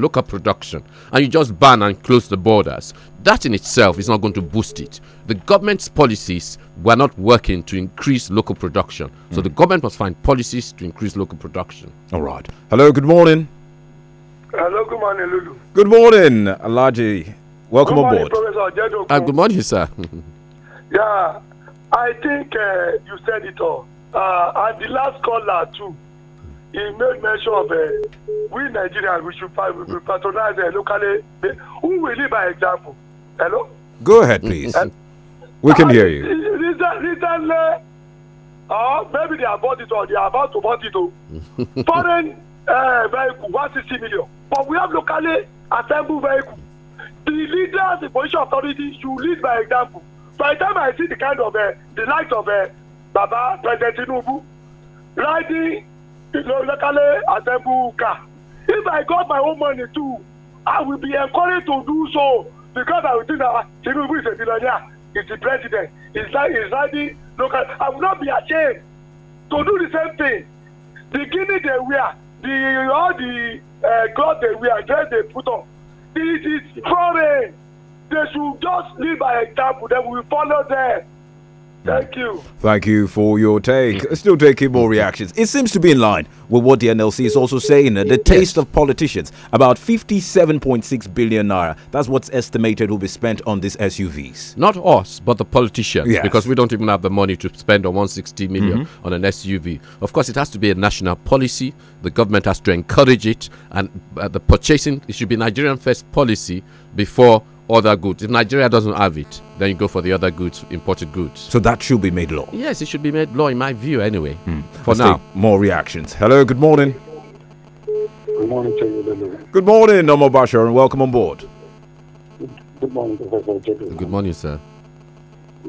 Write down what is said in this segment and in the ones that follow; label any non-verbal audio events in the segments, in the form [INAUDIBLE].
local production, and you just ban and close the borders, that in itself is not going to boost it. The government's policies were not working to increase local production. So mm. the government must find policies to increase local production. All right. Hello, good morning. Hello, good morning, Lulu. Good morning, Alaji. Welcome good morning, aboard. Professor uh, good morning, sir. [LAUGHS] yeah, I think uh, you said it all. Uh, and the last caller, too he made mention of uh, we Nigerians we should we patronize uh, locally. Who will lead by example? Hello. Go ahead, please. Uh, we can hear you. Recently, uh, uh, maybe they have bought it or they are about to bought it. To oh. [LAUGHS] foreign uh, vehicle, 160 million. But we have locally assembled vehicle. The leaders, the position authority should lead by example. By the time I see the kind of uh, the likes of uh, Baba President Tinubu riding Ilolokale Azebuka. If I got my own money too, I will be encouraged to do so because I will think that ah, Tinubu is a billionaire, he's the president, he's like he's riding local. I will not be ashamed to do the same thing. The guinea they wear, the all the uh, cloth they wear, dress they put on, it is foreign. They should just lead by example. then we follow them. Thank you. Thank you for your take. Mm. Still taking more reactions. It seems to be in line with what the NLC is also saying. The taste of politicians, about 57.6 billion naira. That's what's estimated will be spent on these SUVs. Not us, but the politicians. Yes. Because we don't even have the money to spend on 160 million mm -hmm. on an SUV. Of course, it has to be a national policy. The government has to encourage it. And uh, the purchasing, it should be Nigerian first policy before other goods. If Nigeria doesn't have it, then you go for the other goods, imported goods. So that should be made law. Yes, it should be made law in my view, anyway. Hmm. For Let's now, more reactions. Hello, good morning. Good morning, Chairman. Good morning, Nomo Bashar, and welcome on board. Good morning, Professor Good morning, sir.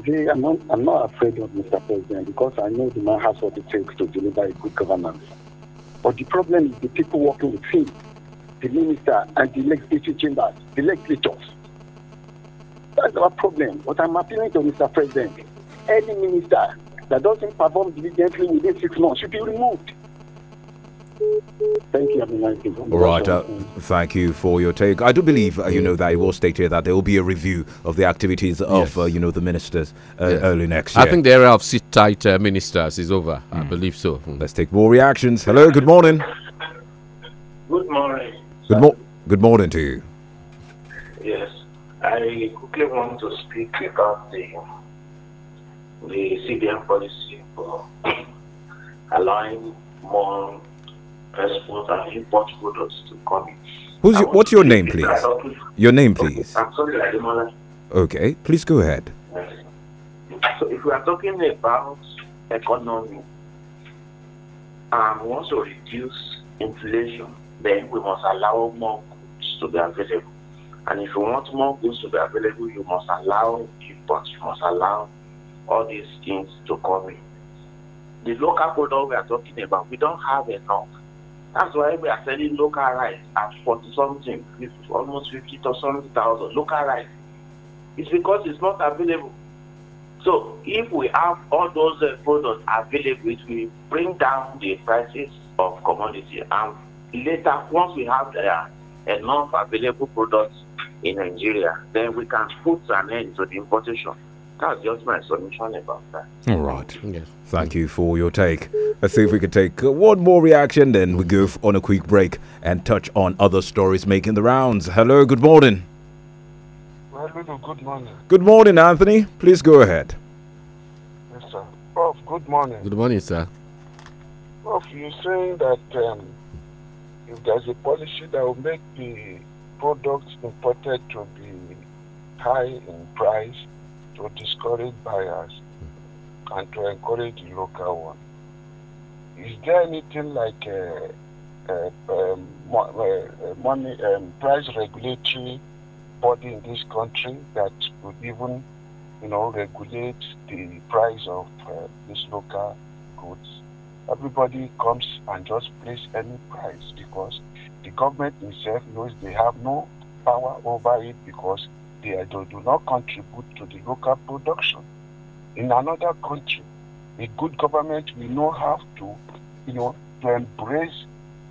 See, I'm not, I'm not afraid of Mr. President because I know the man has what it takes to deliver a good governance. But the problem is the people working with him, the minister and the legislative chambers, the legislators. That's our problem. But I'm appealing to Mr. President. Any minister that doesn't perform diligently within six months should be removed. Thank you. All right. Uh, thank you for your take. I do believe uh, you know that it was stated that there will be a review of the activities of yes. uh, you know the ministers uh, early next year. I think the era of sit tight uh, ministers is over. Mm. I hmm. believe so. Mm. Let's take more reactions. Hello. Good morning. Good morning. Good, mo good morning to you. Yes. I quickly want to speak about the the CBN policy for [CLEARS THROAT] allowing more export and import products to come in. Who's your, what's your name, please? your name, please. Sorry, okay, please go ahead. So, if we are talking about economy and um, want to reduce inflation, then we must allow more goods to be available and if you want more goods to be available, you must allow imports, you must allow all these things to come in. The local product we are talking about, we don't have enough. That's why we are selling local rice at 40 something, almost 50 to something local rice. It's because it's not available. So if we have all those uh, products available, it will bring down the prices of commodity. And later, once we have the uh, enough available products in Nigeria, then we can put an end to the importation. That's just my solution about that. All right. Yes. Thank you for your take. Let's see if we could take uh, one more reaction, then we go on a quick break and touch on other stories making the rounds. Hello, good morning. Hello, good morning. Good morning, Anthony. Please go ahead. Yes, sir. good morning. Good morning, sir. you you're saying that um, if there's a policy that will make the products imported to be high in price to discourage buyers and to encourage the local one. Is there anything like a, a, a, a money um, price regulatory body in this country that would even, you know, regulate the price of uh, these local goods? everybody comes and just pays any price because the government itself knows they have no power over it because they, do not contribute to the local production. In another country, a good government will know how to, you know, to embrace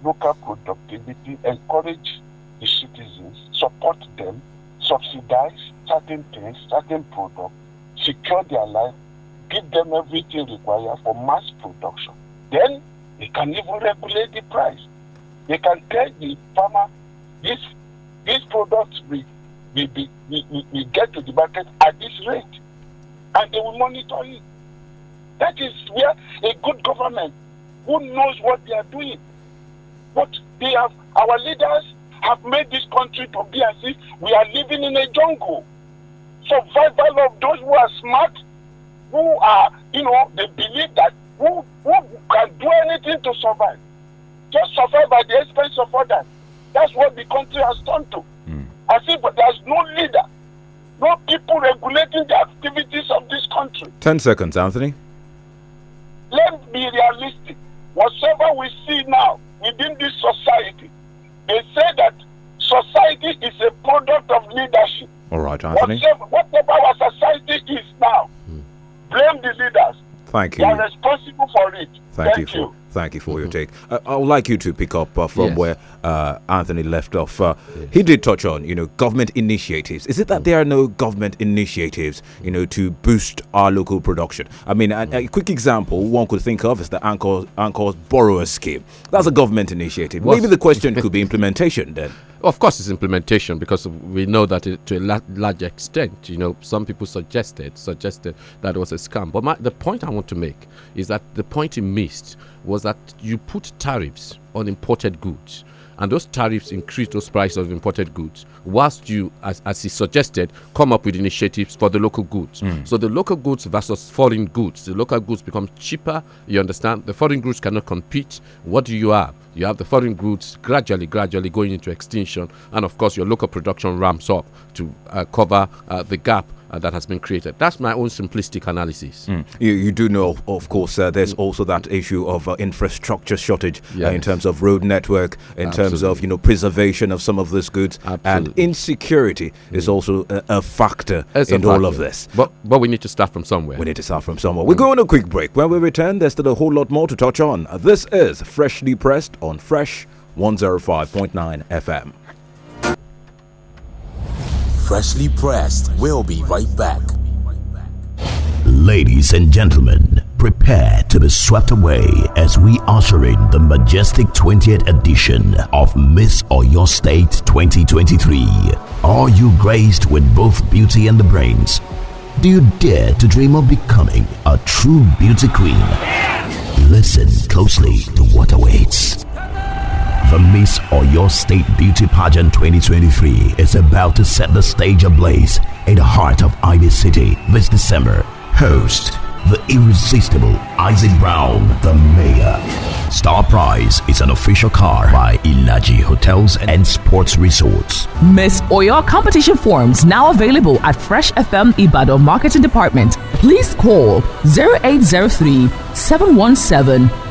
local productivity, encourage the citizens, support them, subsidize certain things, certain products, secure their life, give them everything required for mass production. Then they can even regulate the price. They can tell the farmer this product will we, we, we, we, we get to the market at this rate. And they will monitor it. That is where a good government who knows what they are doing. But they have our leaders have made this country to be as if we are living in a jungle. Survival of those who are smart, who are, you know, they believe that who who can do anything to survive. Just survive by the expense of others. That's what the country has turned to. Mm. As if there's no leader, no people regulating the activities of this country. Ten seconds, Anthony. Let's be realistic. Whatever we see now within this society, they say that society is a product of leadership. All right, Anthony. Whatever, whatever our society is now, mm. blame the leaders Thank you. for it. Thank, Thank you. you. Thank you for mm-hmm. your take. Uh, I would like you to pick up uh, from yes. where uh, Anthony left off. Uh, yes. He did touch on, you know, government initiatives. Is it that mm. there are no government initiatives, you know, to boost our local production? I mean, a, a, mm. quick example one could think of is the Anchor's, Anchor's borrower scheme. That's a government initiative. Maybe the question could be implementation then. [LAUGHS] Of course, it's implementation because we know that it, to a la- large extent, you know, some people suggested suggested that was a scam. But my, the point I want to make is that the point he missed was that you put tariffs on imported goods and those tariffs increase those prices of imported goods whilst you as, as he suggested come up with initiatives for the local goods mm. so the local goods versus foreign goods the local goods become cheaper you understand the foreign goods cannot compete what do you have you have the foreign goods gradually gradually going into extinction and of course your local production ramps up to uh, cover uh, the gap uh, that has been created. That's my own simplistic analysis. Mm. You, you, do know, of course, uh, there's mm. also that issue of uh, infrastructure shortage uh, yes. in terms of road network, in Absolutely. terms of you know preservation of some of these goods, Absolutely. and insecurity mm. is also a, a factor it's in a all factor. of this. But but we need to start from somewhere. We need to start from somewhere. We're mm. on a quick break. When we return, there's still a whole lot more to touch on. This is freshly pressed on Fresh 105.9 FM. Freshly pressed. We'll be right back. Ladies and gentlemen, prepare to be swept away as we usher in the majestic 20th edition of Miss or Your State 2023. Are you graced with both beauty and the brains? Do you dare to dream of becoming a true beauty queen? Listen closely to what awaits. The Miss or Your State Beauty Pageant 2023 is about to set the stage ablaze in the heart of Ivy City this December. Host the irresistible Isaac Brown, the mayor. Star Prize is an official car by Ilaji Hotels and Sports Resorts. Miss Oyo competition forms now available at Fresh FM Ibado Marketing Department. Please call 0803 717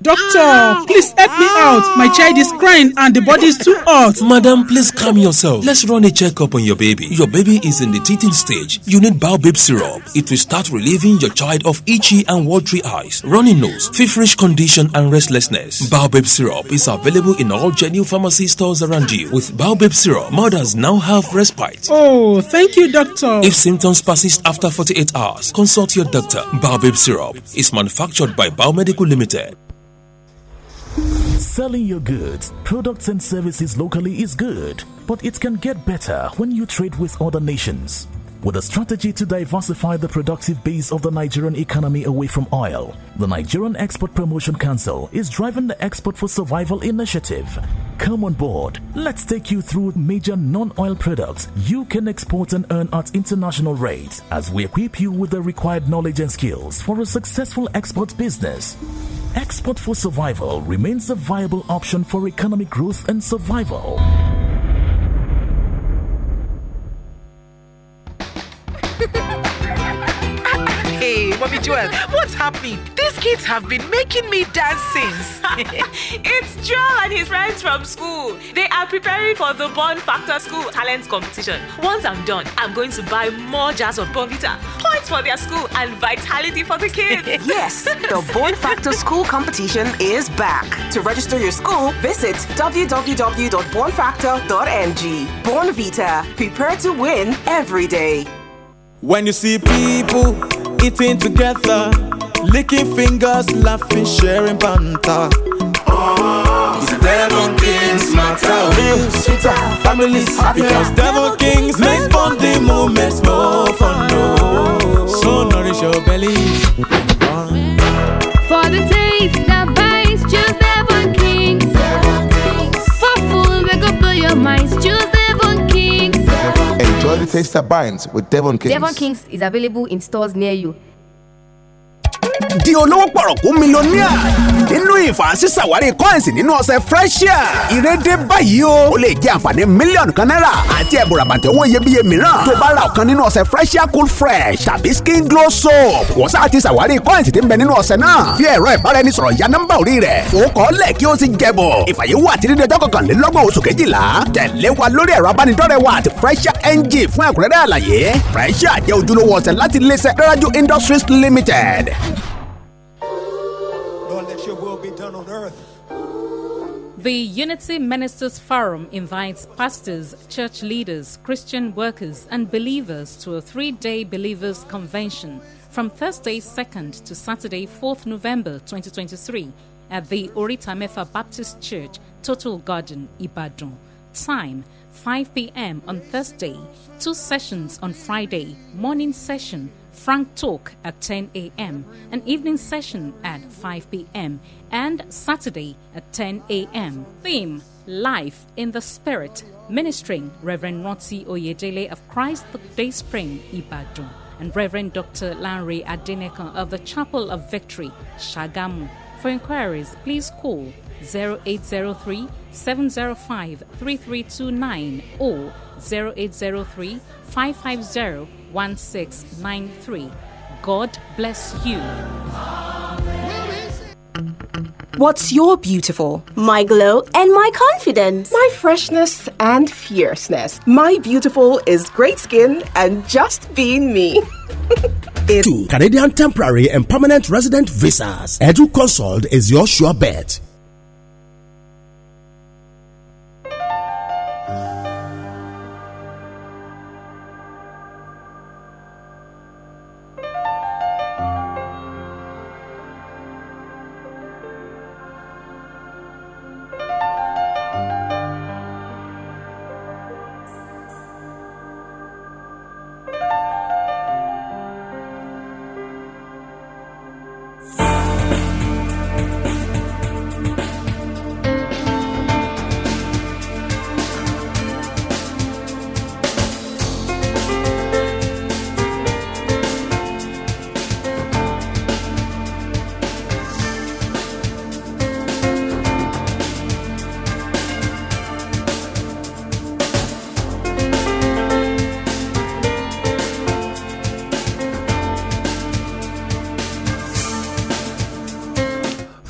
Doctor, ah. please help me out. My child is ah. crying and the body is too hot. [LAUGHS] Madam, please calm yourself. Let's run a checkup on your baby. Your baby is in the teething stage. You need baobab syrup. It will start relieving your child of itchy and watery eyes, runny nose, feverish condition, and restlessness. Baobab syrup is available in all genuine pharmacy stores around you. With baobab syrup, mothers now have respite. Oh, thank you, doctor. If symptoms persist after 48 hours, consult your doctor. Baobab syrup is manufactured by Biomedical Limited. Selling your goods, products, and services locally is good, but it can get better when you trade with other nations. With a strategy to diversify the productive base of the Nigerian economy away from oil, the Nigerian Export Promotion Council is driving the Export for Survival initiative. Come on board. Let's take you through major non oil products you can export and earn at international rates as we equip you with the required knowledge and skills for a successful export business export for survival remains a viable option for economic growth and survival. [LAUGHS] Mommy Joel, what's happening? These kids have been making me dance since. [LAUGHS] it's Joel and his friends from school. They are preparing for the Bond Factor School Talent Competition. Once I'm done, I'm going to buy more jazz of Bonvita, points for their school, and vitality for the kids. [LAUGHS] yes, the Bond Factor School Competition is back. To register your school, visit www.bornfactor.ng. Bonvita, prepare to win every day. When you see people eating together, licking fingers, laughing, sharing banter. Oh, it's Devon Kings matter, real sweeter families. Because devil Kings make bonding moments more fun. Oh, so nourish your belly. For the taste that bites, choose devil Kings. Devon Kings. For food, make up blow your minds, choose. Enjoy the taste that binds with Devon Kings. Devon Kings is available in stores near you. di olówó pọ̀rọ̀kú mílíọ̀nìà nínú ìfàǹsísàwárí coins nínú ọ̀sẹ̀ freshia ìrédé báyìí o ó lè jẹ́ àǹfààní mílíọ̀nù kan náírà àti ẹ̀bùn ràbàtẹ̀ owó iyebíye mìíràn tó bá ra ọ̀kan nínú ọ̀sẹ̀ freshia cool fresh tàbí skin glow soap wọ́n sá ti ṣàwárí coins tí ń bẹ nínú ọ̀sẹ̀ náà fi ẹ̀rọ ìbáraẹnisọ̀rọ̀ ya nọ́mbà orí rẹ̀ ó kọ́ lẹ̀ kí ó sì jẹ̀bọ̀ ìfàyẹ̀wò àti dídé ọjọ́ kọkànlélọ́gbọ̀n oṣù kejìlá tẹ̀lé wa lórí ẹ̀rọ abánidọ́rẹ̀ wa àti freshia ng fún ẹ̀kúnrẹ́rẹ́ àlàyé freshia jẹ́ Industries Limited. earth. The Unity Ministers Forum invites pastors, church leaders, Christian workers, and believers to a three day believers convention from Thursday 2nd to Saturday 4th November 2023 at the Oritamefa Baptist Church, Total Garden, Ibadan. Time 5 p.m. on Thursday, two sessions on Friday, morning session, Frank Talk at 10 a.m., and evening session at 5 p.m and Saturday at 10 a.m. Theme Life in the Spirit, ministering Reverend Notsi Oyedele of Christ the Day Spring, Ibadan, and Reverend Dr. Larry Adeneka of the Chapel of Victory, Shagamu. For inquiries, please call 0803 705 3329 or 0803 550 1693. God bless you. What's your beautiful? My glow and my confidence. My freshness and fierceness. My beautiful is great skin and just being me. [LAUGHS] Two Canadian temporary and permanent resident visas. Edu Consult is your sure bet.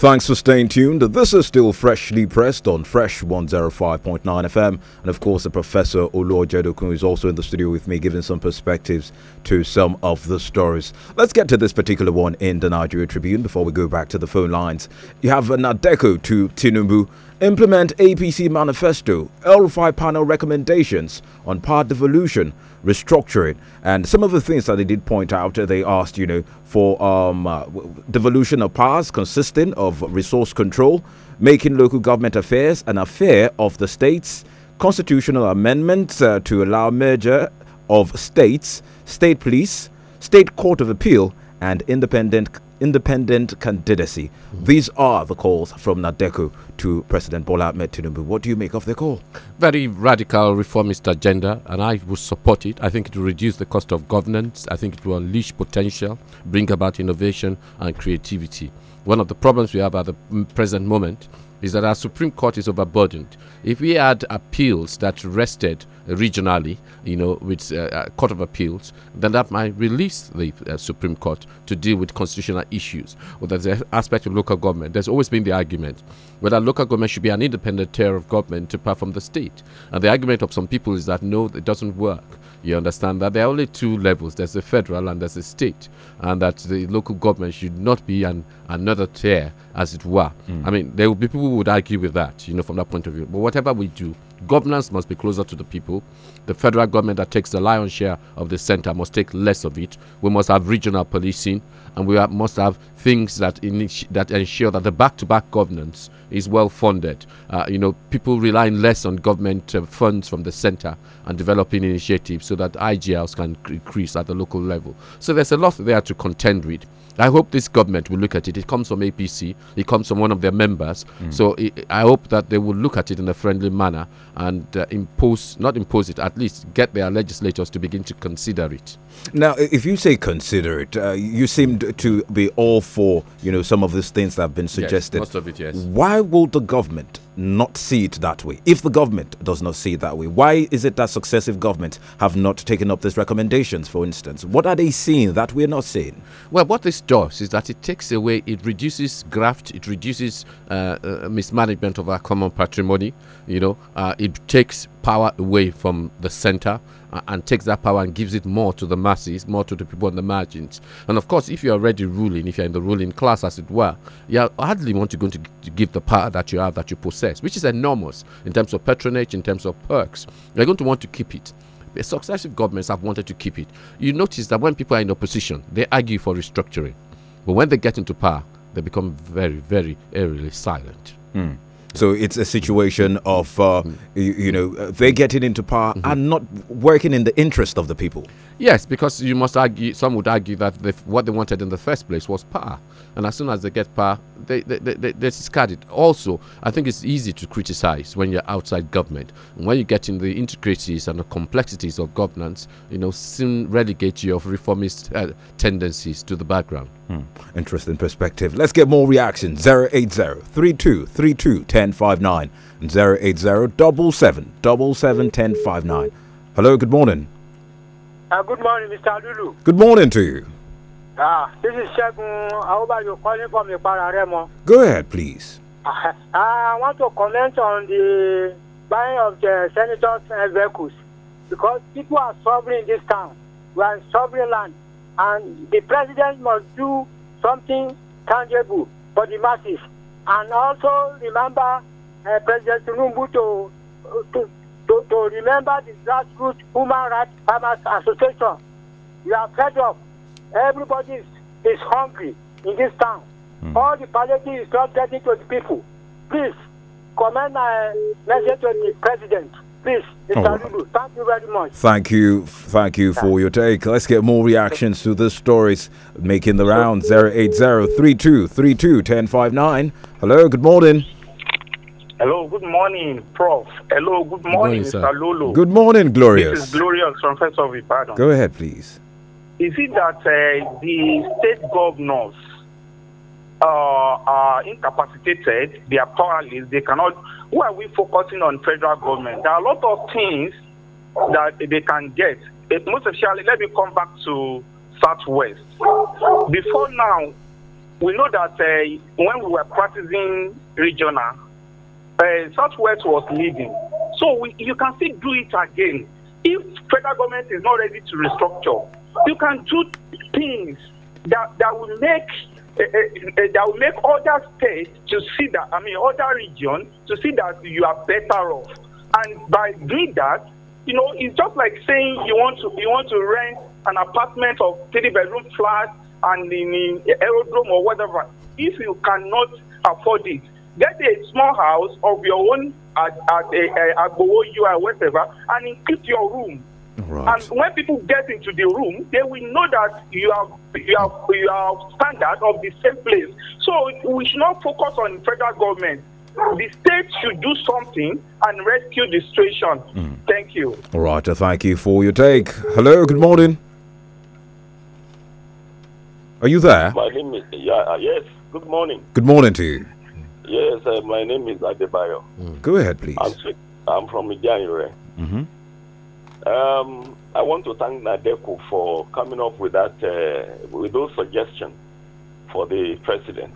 Thanks for staying tuned. This is still freshly pressed on Fresh 105.9 FM. And of course, the Professor Jedokun is also in the studio with me, giving some perspectives to some of the stories. Let's get to this particular one in the Nigeria Tribune before we go back to the phone lines. You have an to Tinubu. Implement APC manifesto, L5 panel recommendations on part devolution, restructuring, and some of the things that they did point out. They asked, you know, for um, uh, devolution of powers consisting of resource control, making local government affairs an affair of the states, constitutional amendments uh, to allow merger of states, state police, state court of appeal, and independent independent candidacy. Mm. These are the calls from Nadeku to President Bola Ahmed Tinubu. What do you make of the call? Very radical reformist agenda, and I would support it. I think it will reduce the cost of governance. I think it will unleash potential, bring about innovation and creativity. One of the problems we have at the present moment is that our Supreme Court is overburdened. If we had appeals that rested regionally, you know, with uh, uh Court of Appeals, then that might release the uh, Supreme Court to deal with constitutional issues. Well, there's an aspect of local government. There's always been the argument whether local government should be an independent tier of government to perform the state. And the argument of some people is that no, it doesn't work. You understand that there are only two levels there's the federal and there's the state, and that the local government should not be an, another tier as it were. Mm. I mean, there will be people who would argue with that, you know, from that point of view. But whatever we do, governance must be closer to the people. The federal government that takes the lion's share of the center must take less of it. We must have regional policing, and we have, must have things that that ensure that the back-to-back governance is well funded. Uh, you know, people relying less on government uh, funds from the center and developing initiatives so that IGLs can increase at the local level. So there's a lot there to contend with. I hope this government will look at it. It comes from APC, it comes from one of their members. Mm. So it, I hope that they will look at it in a friendly manner and uh, impose, not impose it, at least get their legislators to begin to consider it. Now, if you say consider it, uh, you seemed to be all for you know some of these things that have been suggested. Yes, most of it, yes. Why will the government not see it that way? If the government does not see it that way, why is it that successive governments have not taken up these recommendations, for instance? What are they seeing that we're not seeing? Well, what this does is that it takes away, it reduces graft, it reduces uh, uh, mismanagement of our common patrimony, you know, uh, it takes power away from the center uh, and takes that power and gives it more to the masses, more to the people on the margins. And of course, if you're already ruling, if you're in the ruling class, as it were, you hardly want to go to give the power that you have, that you possess, which is enormous in terms of patronage, in terms of perks. You're going to want to keep it successive governments have wanted to keep it. You notice that when people are in opposition, they argue for restructuring. But when they get into power, they become very, very eerily silent. Mm. So it's a situation of, uh, you, you, know, uh, they're getting into power mm -hmm. and not working in the interest of the people. Yes, because you must argue, some would argue that what they wanted in the first place was power. And as soon as they get power, they, they, they, they discard it. Also, I think it's easy to criticize when you're outside government. And when you get in the intricacies and the complexities of governance, you know, soon relegate your reformist uh, tendencies to the background. Hmm. Interesting perspective. Let's get more reactions. 080 3232 1059 and 080 Hello, good morning. Uh, good morning, Mr. Lulu. Good morning to you. Ah, this is about you calling from Ipararemo. Go ahead, please. Uh, I want to comment on the buying of the senators and vehicles because people are suffering in this town. We are suffering land, and the president must do something tangible for the masses. And also remember uh, President Tinubu to, to to, to remember the grassroots human rights farmers association. you are fed up. Everybody is, is hungry in this town. Mm. All the palliative is not getting to the people. Please, comment my message to the president. Please, Mr. Right. thank you very much. Thank you, thank you for your take. Let's get more reactions to the stories making the round. 080 Hello, good morning. Hello, good morning, Prof. Hello, good morning, good morning Mr. Lulu. Good morning, Glorious. This is Glorious from First of Ibadan. Go ahead, please. Is it that uh, the state governors uh, are incapacitated, they are powerless, they cannot. Why are we focusing on federal government? There are a lot of things that they can get. It, most especially, let me come back to Southwest. Before now, we know that uh, when we were practicing regional, uh, Southwest was leading. So we, you can still do it again. If federal government is not ready to restructure, you can do things that, that will make uh, uh, uh that will make other states to see that I mean other regions to see that you are better off. And by doing that, you know, it's just like saying you want to you want to rent an apartment of three bedroom flat and in, in aerodrome or whatever. If you cannot afford it, Get a small house of your own at, at a, a, UI, whatever, and include your room. Right. And when people get into the room, they will know that you are you are you are standard of the same place. So we should not focus on federal government. The state should do something and rescue the situation. Mm. Thank you. All right. Thank you for your take. Hello. Good morning. Are you there? My name is yeah, uh, yes. Good morning. Good morning to you. Yes, uh, my name is Adebayo. Mm. Go ahead, please. I'm, I'm from January. Mm-hmm. Um, I want to thank Nadeku for coming up with that, uh, with those suggestions for the president.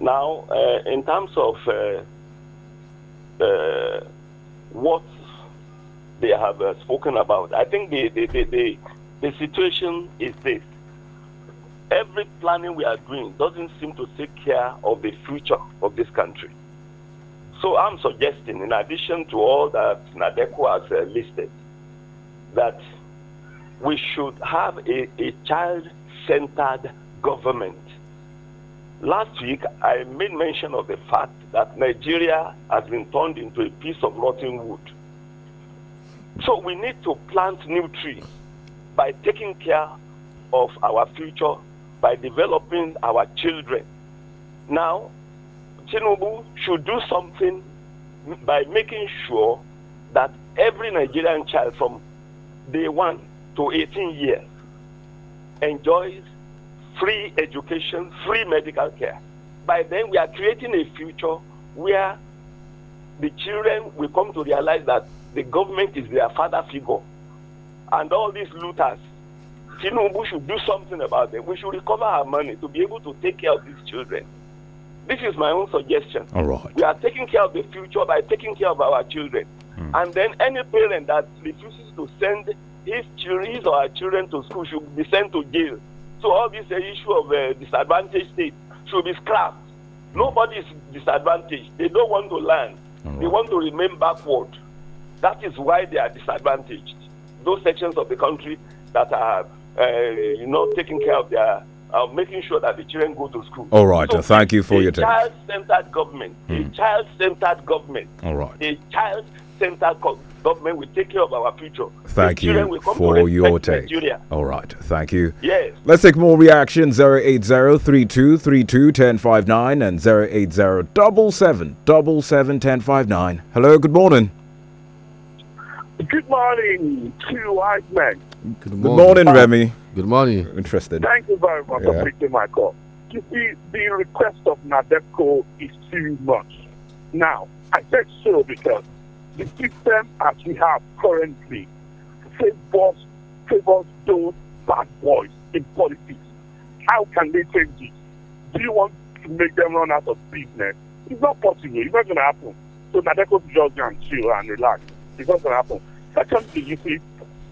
Now, uh, in terms of uh, uh what they have uh, spoken about, I think the, the, the, the, the situation is this every planning we are doing doesn't seem to take care of the future of this country. So I'm suggesting, in addition to all that Nadeko has uh, listed, that we should have a, a child centered government. Last week, I made mention of the fact that Nigeria has been turned into a piece of rotting wood. So we need to plant new trees by taking care of our future by developing our children. Now, Tinubu should do something by making sure that every Nigerian child from day one to 18 years enjoys free education, free medical care. By then, we are creating a future where the children will come to realize that the government is their father figure. And all these looters Tinubu should do something about them. We should recover our money to be able to take care of these children. This is my own suggestion. All right. We are taking care of the future by taking care of our children. Mm. And then any parent that refuses to send his, children, or her children to school should be sent to jail. So all this uh, issue of uh, disadvantaged state should be scrapped. Hmm. Nobody is disadvantaged. They don't want to learn. Right. They want to remain backward. That is why they are disadvantaged. Those sections of the country that are uh, you know, taking care of their uh, making sure that the children go to school. All right. So uh, thank you for your time. Child centered government. Mm. A child centered government. All right. A child centered government will take care of our future. Thank the you for your take. Nigeria. All right. Thank you. Yes. Let's take more reactions 80 3232 and 80 777 Hello. Good morning. Good morning, two white men. Good morning, Good morning Remy. Good morning. Interested. Thank you very much yeah. for picking my call. You see, the request of Nadeco is too much. Now, I said so because the system as we have currently favors, favors those bad boys in politics. How can they change it? Do you want to make them run out of business? It's not possible. It's not going to happen. So Nadeco just go to chill and relax. It's not going to happen. Secondly, you see,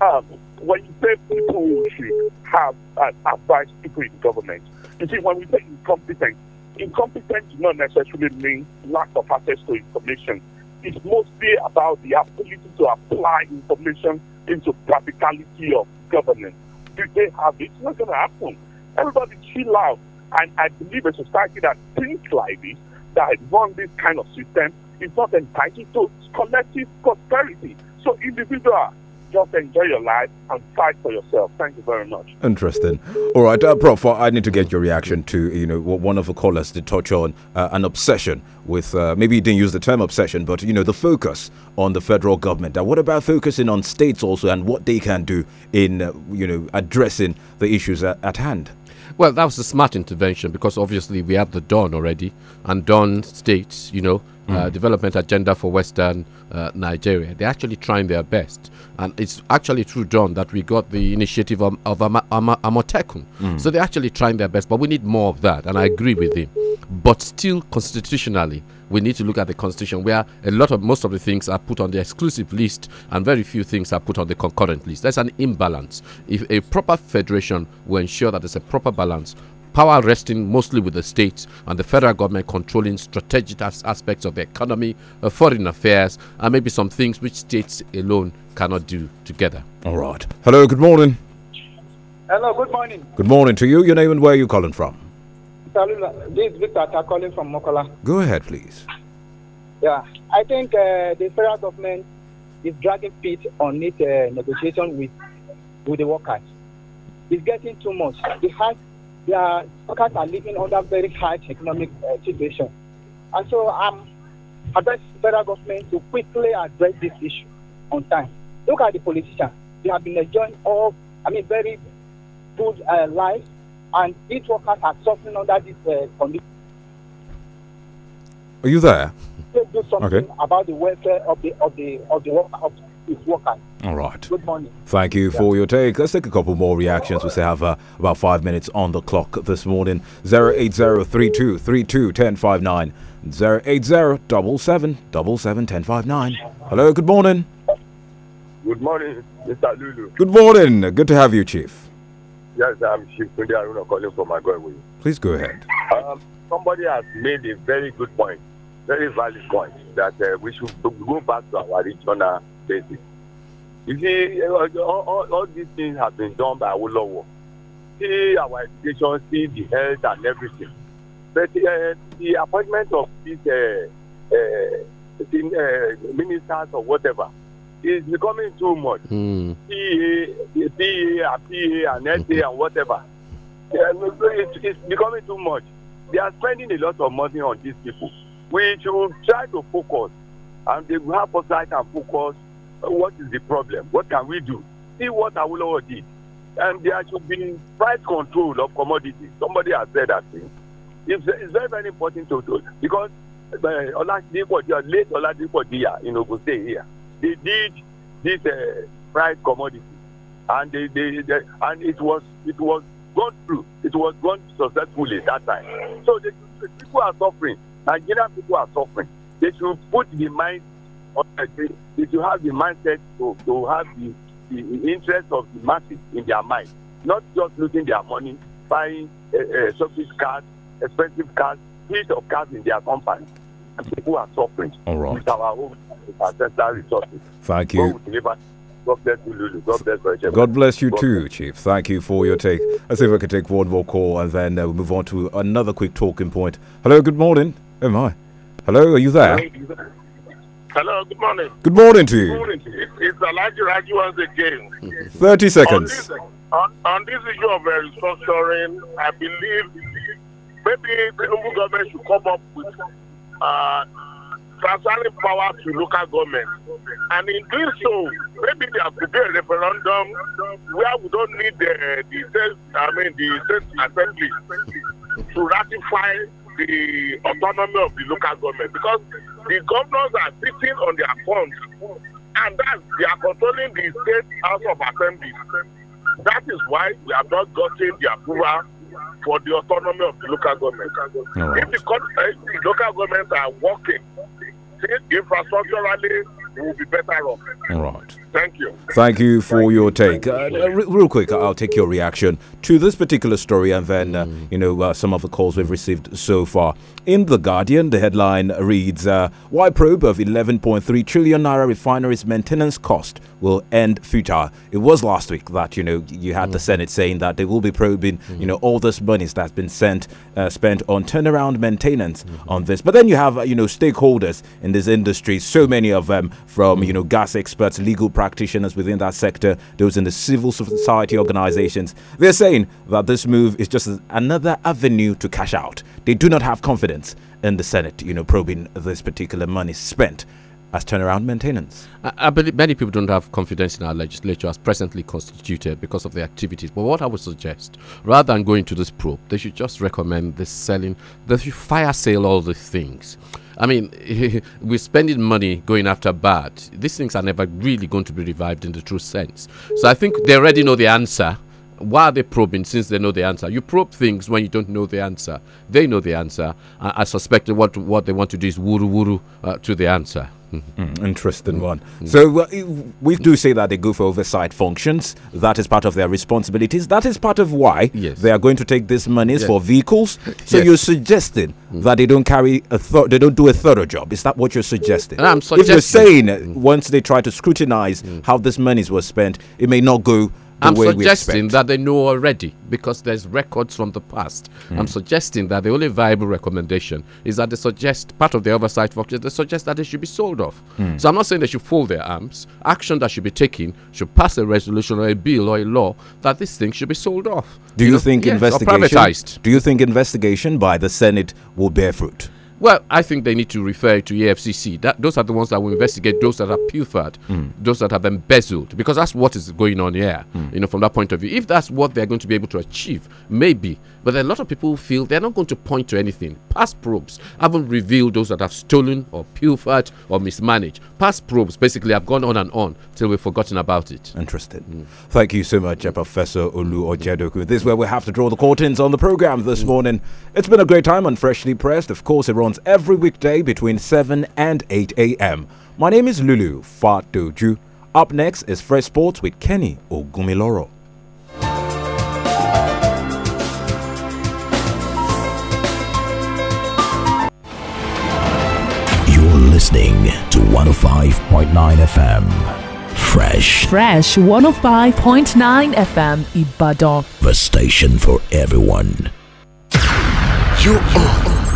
um, when you say people should have an uh, advice people in government, you see, when we say incompetent, incompetent does not necessarily mean lack of access to information. It's mostly about the ability to apply information into practicality of governance. Do they have it? It's not going to happen. Everybody chill out. And I believe a society that thinks like this, that runs this kind of system, is not entitled to collective prosperity. So individual just enjoy your life and fight for yourself. Thank you very much. Interesting. All right, uh, Prof, I need to get your reaction to you know what one of the callers did touch on uh, an obsession with uh, maybe he didn't use the term obsession, but you know the focus on the federal government. Now, what about focusing on states also and what they can do in uh, you know addressing the issues at, at hand? Well, that was a smart intervention because obviously we had the Don already, and Don states, you know, mm. uh, hmm. development agenda for Western uh, Nigeria. They're actually trying their best, and it's actually through Don that we got the initiative of, of Am Am Amotekun. Mm. So they're actually trying their best, but we need more of that, and I agree with him. But still, constitutionally, we need to look at the constitution where a lot of most of the things are put on the exclusive list and very few things are put on the concurrent list. There's an imbalance. If a proper federation will ensure that there's a proper balance power resting mostly with the states and the federal government controlling strategic as aspects of the economy, uh, foreign affairs, and maybe some things which states alone cannot do together. All right. Hello, good morning. Hello, good morning. Good morning to you. Your name and where are you calling from? Salula, uh, this is Victor Atta calling from Mokola. Go ahead, please. Yeah, I think uh, the federal government is dragging feet on its uh, negotiation with with the workers. It's getting too much. The has, the workers are living under very high economic uh, situation, and so I'm um, advising the federal government to quickly address this issue on time. Look at the politicians; they have been enjoying all, I mean, very good uh, life and these workers are suffering under this uh, condition. Are you there? do something okay. about the welfare of the of the of the worker of his workers. All right. Good morning. Thank you yeah. for your take. Let's take a couple more reactions. We still have uh, about five minutes on the clock this morning. Zero eight zero three two three two ten five nine. double seven ten five nine. Hello. Good morning. Good morning, Mr. Lulu. Good morning. Good to have you, Chief. Yes, I'm Shikundi Aruna calling from Agoiwe. Please go ahead. Um, somebody has made a very good point, very valid point, that uh, we should go back to our regional basis. You see, uh, all, all, all these things have been done by Awolowo. See our education, see the health and everything. But uh, the appointment of these uh, uh, uh, ministers or whatever is becoming too much. Mm. PA, PA, and PA, and SA, and whatever. It's, it's becoming too much. They are spending a lot of money on these people. We should try to focus, and they will have us and focus. What is the problem? What can we do? See what our Lord did. And there should be price control of commodities. Somebody has said that thing. It's, it's very, very important to do because uh, late Oladipo Dia in Ogun State here they did this uh, price commodity, and they, they, they, and it was it was gone through. It was gone successfully that time. So the people are suffering. Nigerian people are suffering. They should put the mind. They should have the mindset to, to have the, the interest of the masses in their mind, not just losing their money buying uh, uh, cars, expensive cars, fleet of cars in their company and people are suffering All right. with our own resources. Thank you. God bless you, Lulu. God bless God bless you too, Chief. Thank you for your take. Let's see if I can take one more call and then uh, we'll move on to another quick talking point. Hello, good morning. Oh my. Hello, are you there? Hello, good morning. Good morning to you. Good morning to you. It's Alaji Raji once again. 30 seconds. On this, on, on this issue of uh, restructuring, I believe maybe the government should come up with uh, transferring power to local government. And in doing so, maybe there could be a referendum where we don't need the, the state, I mean, the state assembly to ratify the autonomy of the local government because the governors are sitting on their funds and that they are controlling the state house of assembly. That is why we have not gotten the approval for the autonomy of the local government. If the if eh, local government are working, infrastructurally, we will be better off. Right. Thank you. Thank you for Thank your you. take. Uh, real quick, I'll take your reaction to this particular story and then, uh, you know, uh, some of the calls we've received so far. In The Guardian, the headline reads uh, Why probe of 11.3 trillion naira refineries maintenance cost will end futile. It was last week that, you know, you had mm. the Senate saying that they will be probing, mm. you know, all this money that's been sent, uh, spent on turnaround maintenance mm. on this. But then you have, you know, stakeholders in this industry, so many of them from, you know, gas experts, legal practitioners within that sector, those in the civil society organizations, they're saying that this move is just another avenue to cash out. They do not have confidence in the Senate, you know, probing this particular money spent as turnaround maintenance. I, I, believe many people don't have confidence in our legislature as presently constituted because of the activities. But what I would suggest, rather than going to this probe, they should just recommend this selling, they should fire sale all these things. I mean, [LAUGHS] we're spending money going after bad. These things are never really going to be revived in the true sense. So I think they already know the answer. Why are they probing since they know the answer? You probe things when you don't know the answer. They know the answer. I, I suspect what, what they want to do is wuru wuru uh, to the answer. Mm, interesting one. So uh, we do say that they go for oversight functions. That is part of their responsibilities. That is part of why yes. they are going to take these monies yes. for vehicles. So yes. you're suggesting that they don't carry a they don't do a thorough job. Is that what you're suggesting? I'm suggesting. If you're saying once they try to scrutinize mm. how this monies were spent, it may not go I'm suggesting that they know already because there's records from the past. Mm. I'm hmm. suggesting that the only viable recommendation is that they suggest part of the oversight function, they suggest that they should be sold off. Mm. So I'm not saying they should fold their arms. Action that should be taken should pass a resolution or a bill or a law that this thing should be sold off. Do you, you know? think yes, investigation? Do you think investigation by the Senate will bear fruit? Well, I think they need to refer to EFCC. That, those are the ones that will investigate those that are pilfered, mm. those that have embezzled, because that's what is going on here. Mm. You know, from that point of view, if that's what they're going to be able to achieve, maybe. But a lot of people feel they're not going to point to anything. Past probes haven't revealed those that have stolen or pilfered or mismanaged. Past probes basically have gone on and on till we've forgotten about it. Interesting. Mm. Thank you so much, uh, Professor Olu Ojedoku. This is where we have to draw the curtains on the program this hmm. morning. It's been a great time on Freshly Pressed. Of course, everyone every weekday between 7 and 8 a.m. My name is Lulu Fatoju. Up next is Fresh Sports with Kenny Ogumiloro. You're listening to 105.9 FM. Fresh. Fresh 105.9 FM Ibadan. The station for everyone. You are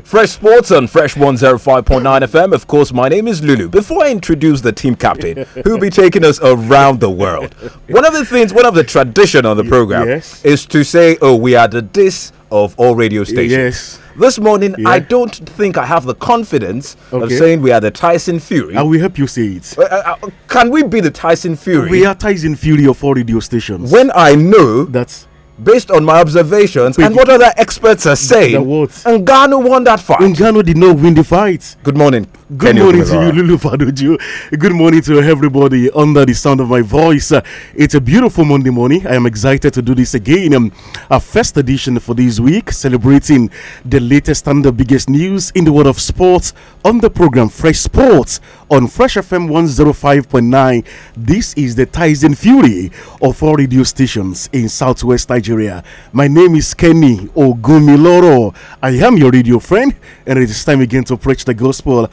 Fresh Sports on Fresh 105.9 FM. Of course, my name is Lulu. Before I introduce the team captain, [LAUGHS] who'll be taking us around the world, one of the things, one of the tradition on the program yes. is to say, oh, we are the dis of all radio stations. Yes. This morning, yeah. I don't think I have the confidence okay. of saying we are the Tyson Fury. I will help you say it. Uh, uh, uh, can we be the Tyson Fury? We are Tyson Fury of all radio stations. When I know that based on my observations Wait, and what other experts are saying. And Ghana won that fight. And Ghana did not win the fight. Good morning. Good Kenny morning to you, Lulu Faduju. Good morning to everybody under the sound of my voice. Uh, it's a beautiful Monday morning. I am excited to do this again. Um, our first edition for this week, celebrating the latest and the biggest news in the world of sports on the program Fresh Sports on Fresh FM 105.9. This is the Tyson Fury of all radio stations in Southwest Nigeria. Nigeria. My name is Kenny Ogumiloro. I am your radio friend, and it is time again to preach the gospel.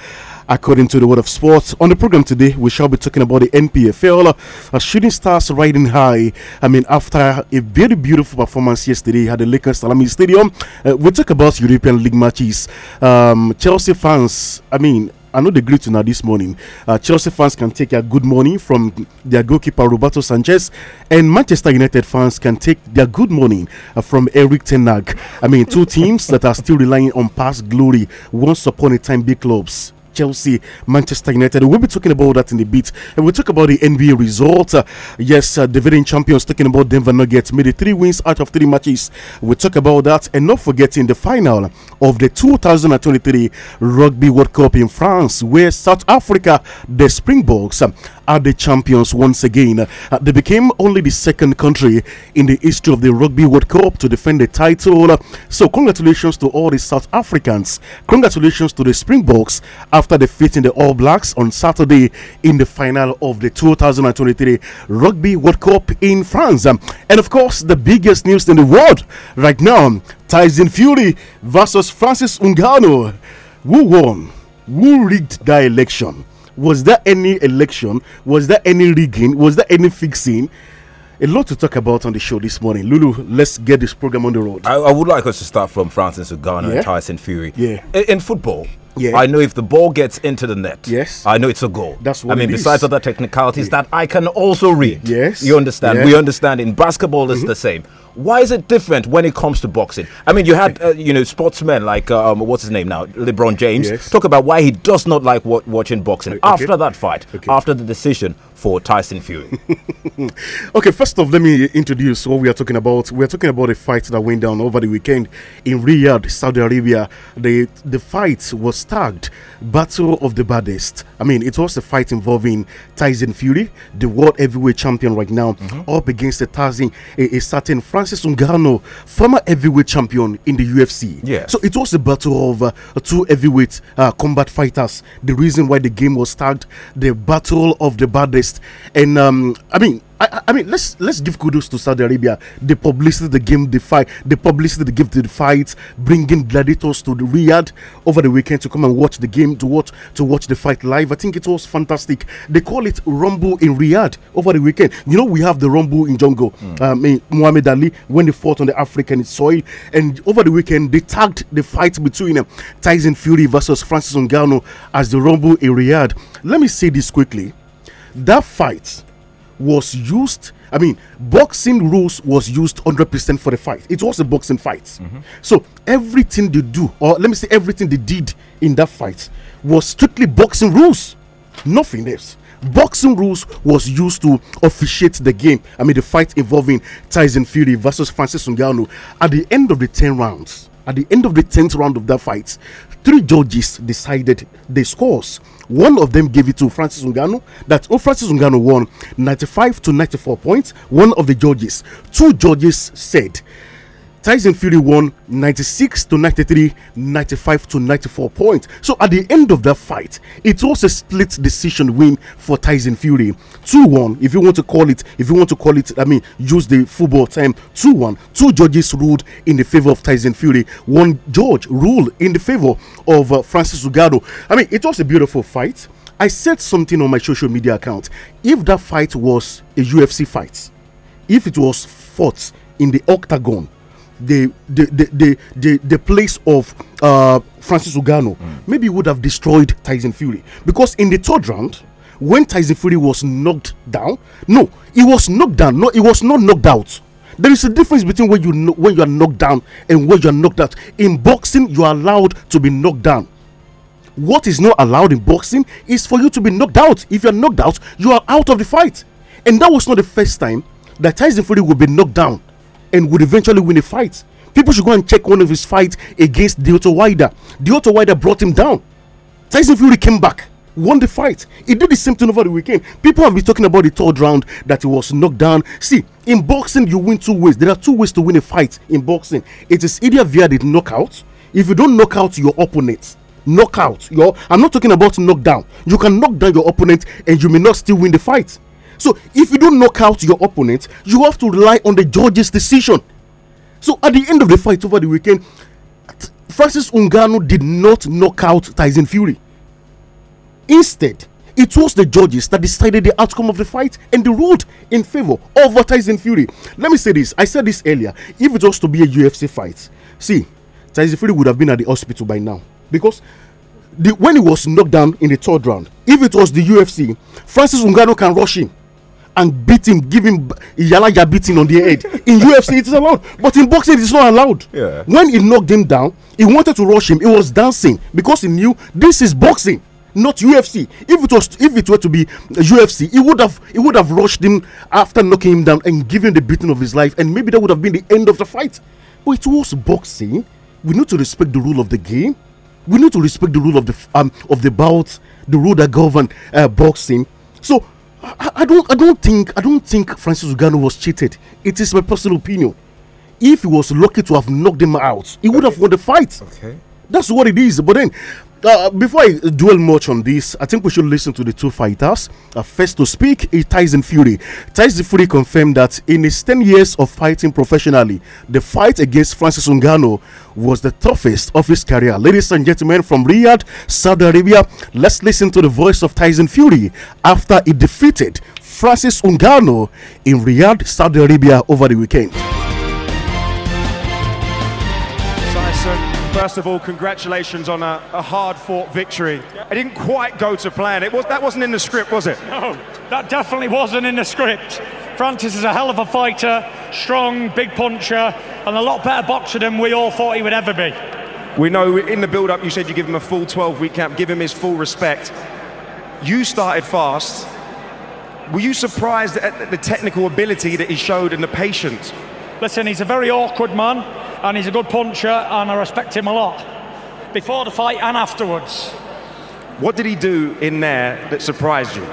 According to the world of sports, on the program today, we shall be talking about the NPFL. Uh, shooting stars riding high. I mean, after a very beautiful performance yesterday at the Lakers Salami Stadium, uh, we talk about European League matches. Um, Chelsea fans, I mean, I know the greet now this morning. Uh, Chelsea fans can take a good morning from their goalkeeper Roberto Sanchez, and Manchester United fans can take their good morning uh, from Eric Tenag. I mean, two [LAUGHS] teams that are still relying on past glory, once upon a time big clubs. Chelsea, Manchester United. We'll be talking about that in a bit. And we'll talk about the NBA result. Uh, yes, uh, dividend champions talking about Denver Nuggets made it three wins out of three matches. We'll talk about that. And not forgetting the final of the 2023 Rugby World Cup in France, where South Africa, the Springboks, uh, are the champions once again. Uh, they became only the second country in the history of the Rugby World Cup to defend the title. So, congratulations to all the South Africans. Congratulations to the Springboks. Uh, after defeating the All Blacks on Saturday in the final of the 2023 Rugby World Cup in France. Um, and of course, the biggest news in the world right now Tyson Fury versus Francis Ngannou. Who won? Who rigged that election? Was there any election? Was there any rigging? Was there any fixing? a lot to talk about on the show this morning. Lulu, let's get this program on the road. I, I would like us to start from Francis Ngannou yeah. and Tyson Fury. Yeah. In, in, football, yeah. I know if the ball gets into the net, yes, I know it's a goal. That's what I mean. Besides other technicalities yeah. that I can also read. Yes, you understand. Yeah. We understand. In basketball, it's mm -hmm. the mm-hmm. same. Why is it different when it comes to boxing? I mean, you had uh, you know sportsmen like um, what's his name now, LeBron James, yes. talk about why he does not like watching boxing okay. after that fight, okay. after the decision for Tyson Fury? [LAUGHS] okay, first off, let me introduce what we are talking about. We are talking about a fight that went down over the weekend in Riyadh, Saudi Arabia. The the fight was tagged Battle of the Baddest. I mean, it was a fight involving Tyson Fury, the world heavyweight champion right now, mm -hmm. up against a Tyson, a, a certain Francis Ngannou, former heavyweight champion in the UFC. Yeah. So it was a battle of uh, two heavyweight uh, combat fighters. The reason why the game was tagged the Battle of the Baddest and um, I mean, I, I, mean, let's let's give kudos to Saudi Arabia. They publicity the game, the fight, the publicity the give to the fight, bringing gladiators to the Riyadh over the weekend to come and watch the game, to watch to watch the fight live. I think it was fantastic. They call it Rumble in Riyadh over the weekend. You know, we have the Rumble in Jungle. Mm. Um, in Muhammad Ali when they fought on the African soil, and over the weekend they tagged the fight between um, Tyson Fury versus Francis Ngannou as the Rumble in Riyadh. Let me say this quickly that fight was used I mean, boxing rules was used 100% for the fight. It was a boxing fight. Mm -hmm. So everything they do, or let me say everything they did in that fight, was strictly boxing rules, nothing else. Boxing rules was used to officiate the game. I mean, the fight involving Tyson Fury versus Francis Ngannou. At the end of the 10 rounds, at the end of the 10th round of that fight, three judges decided the scores one of them gave it to Francis Ngannou. That oh, Francis Ngannou won 95 to 94 points. One of the judges, two judges said Tyson Fury won 96 to 93, 95 to 94 points. So at the end of that fight, it was a split decision win for Tyson Fury. 2 1, if you want to call it, if you want to call it, I mean, use the football term 2 1. Two judges ruled in the favor of Tyson Fury. One judge ruled in the favor of uh, Francis Ugado. I mean, it was a beautiful fight. I said something on my social media account. If that fight was a UFC fight, if it was fought in the octagon, the the the the, the, place of uh, Francis Ugano, mm. maybe would have destroyed Tyson Fury because in the third round, when Tyson Fury was knocked down, no, he was knocked down. No, he was not knocked out. There is a difference between when you when you are knocked down and when you are knocked out. In boxing, you are allowed to be knocked down. What is not allowed in boxing is for you to be knocked out. If you are knocked out, you are out of the fight. And that was not the first time that Tyson Fury would be knocked down and would eventually win a fight. People should go and check one of his fights against Deoto Wider. Deoto Wider brought him down. Tyson Fury came back, won the fight. He did the same thing over the weekend. People have been talking about the third round that he was knocked down. See, in boxing, you win two ways. There are two ways to win a fight in boxing. It is either via the knockout. If you don't knock out your opponent, knockout. Your I'm not talking about knockdown. You can knock down your opponent and you may not still win the fight. So if you don't knock out your opponent, you have to rely on the judge's decision. So at the end of the fight over the weekend, Francis Ungano did not knock out Tyson Fury. Instead, it was the judges that decided the outcome of the fight and the ruled in favor of Tyson Fury. Let me say this. I said this earlier. If it was to be a UFC fight, see, Tyson Fury would have been at the hospital by now because the, when he was knocked down in the third round, if it was the UFC, Francis Ungano can rush him and beat him, give him Iyalaja beating on the head. In UFC, it is allowed, but in boxing, it is not allowed. Yeah. When he knocked him down, he wanted to rush him. He was dancing because he knew this is boxing, not UFC. If it was, if it were to be UFC, uh, he would have, he would have rushed him after knocking him down and giving the beating of his life, and maybe that would have been the end of the fight. But it was boxing. We need to respect the rule of the game. We need to respect the rule of the um, of the bout, the rule that govern uh, boxing. So I, I, don't I don't think I don't think Francis Ugano was cheated. It is my personal opinion. If he was lucky to have knocked them out, he okay. would have won the fight. Okay. That's what it is. But then uh, before I dwell much on this, I think we should listen to the two fighters. Uh, first to speak is Tyson Fury. Tyson Fury confirmed that in his 10 years of fighting professionally, the fight against Francis Ngannou was the toughest of his career. Ladies and gentlemen, from Riyadh, Saudi Arabia, let's listen to the voice of Tyson Fury after he defeated Francis Ngannou in Riyadh, Saudi Arabia over the weekend. First of all, congratulations on a, a hard-fought victory. It didn't quite go to plan. It was that wasn't in the script, was it? No, that definitely wasn't in the script. Francis is a hell of a fighter, strong, big puncher, and a lot better boxer than we all thought he would ever be. We know in the build-up you said you give him a full 12-week camp, give him his full respect. You started fast. Were you surprised at the technical ability that he showed and the patience? Listen, he's a very awkward man and he's a good puncher, and I respect him a lot before the fight and afterwards. What did he do in there that surprised you?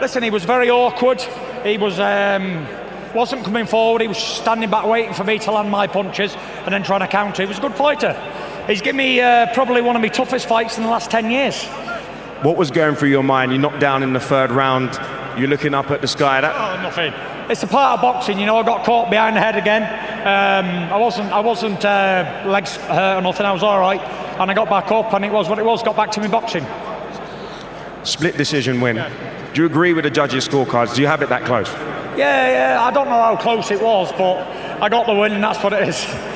Listen, he was very awkward. He was um, wasn't coming forward. He was standing back, waiting for me to land my punches, and then trying to counter. He was a good fighter. He's given me uh, probably one of my toughest fights in the last ten years. What was going through your mind? You knocked down in the third round you're looking up at the sky. That... Oh, nothing. It's a part of boxing, you know. I got caught behind the head again. Um, I wasn't, I wasn't uh, legs hurt or nothing. I was all right, and I got back up, and it was what it was. Got back to me boxing. Split decision win. Yeah. Do you agree with the judges' scorecards? Do you have it that close? Yeah, yeah. I don't know how close it was, but I got the win, and that's what it is. [LAUGHS]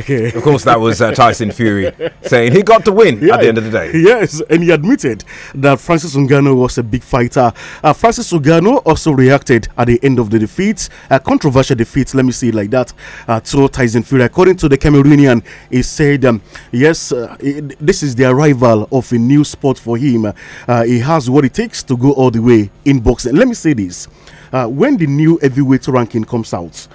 okay. [LAUGHS] Of course, that was uh, Tyson Fury saying he got the win yeah, at the end of the day. Yes, and he admitted that Francis Ngannou was a big fighter. Uh, Francis Ngannou also reacted at the end of the defeat, a controversial defeat, let me see it like that, uh, to Tyson Fury. According to the Cameroonian, he said, um, yes, uh, this is the arrival of a new sport for him. Uh, he has what it takes to go all the way in boxing. Let me say this. Uh, when the new heavyweight ranking comes out,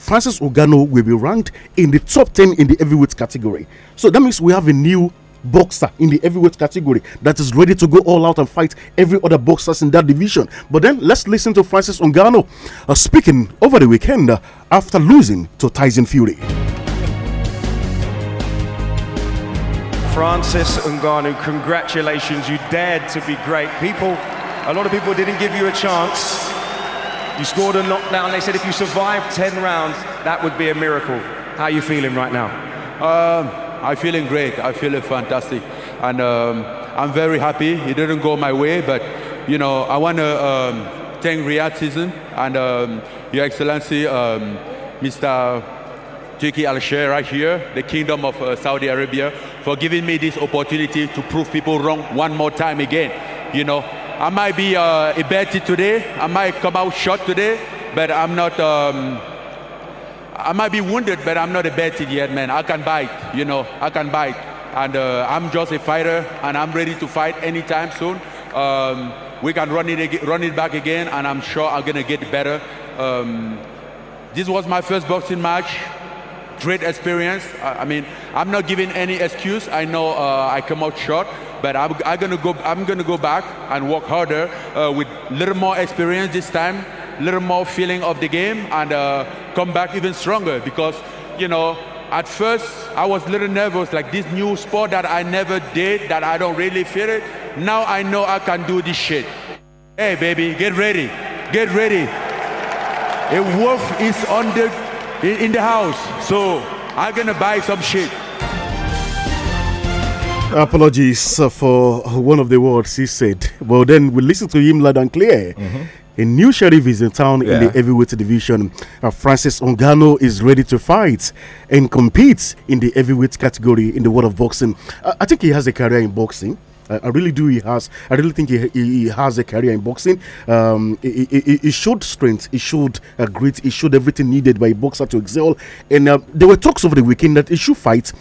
Francis Ogano will be ranked in the top 10 in the heavyweight category. So that means we have a new boxer in the heavyweight category that is ready to go all out and fight every other boxers in that division. But then let's listen to Francis Ogano uh, speaking over the weekend uh, after losing to Tyson Fury. Francis Ogano, congratulations. You dared to be great. People, a lot of people didn't give you a chance. You scored a knockdown. They said if you survived 10 rounds, that would be a miracle. How are you feeling right now? Um, I'm feeling great. I feel fantastic. And um, I'm very happy. It didn't go my way, but, you know, I want to um, thank Riyadh Season and um, Your Excellency, Mr. Um, Tiki Al Sheikh right here, the Kingdom of uh, Saudi Arabia, for giving me this opportunity to prove people wrong one more time again. You know, I might be uh, a Betty today. I might come out short today, but I'm not. Um, I might be wounded, but I'm not a Betty yet, man. I can bite, you know. I can bite, and uh, I'm just a fighter, and I'm ready to fight anytime soon. Um, we can run it, run it back again, and I'm sure I'm gonna get better. Um, this was my first boxing match. Great experience. I, I, mean, I'm not giving any excuse. I know uh, I come out short but I'm, I'm, gonna go. I'm gonna go back and work harder uh, with little more experience this time, little more feeling of the game, and uh, come back even stronger. Because you know, at first I was a little nervous, like this new sport that I never did, that I don't really feel it. Now I know I can do this shit. Hey, baby, get ready, get ready. A wolf is on the in the house, so I'm gonna buy some shit. Apologies uh, for one of the words he said. Well, then we listen to him loud and clear. Mm -hmm. A new sheriff is in town yeah. in the heavyweight division. Uh, Francis Ongano is ready to fight and compete in the heavyweight category in the world of boxing. Uh, I think he has a career in boxing. I really do. He has. I really think he, he, has a career in boxing. Um, he, he, he showed strength. He showed uh, grit. He showed everything needed by a boxer to excel. And uh, there were talks over the weekend that he should fight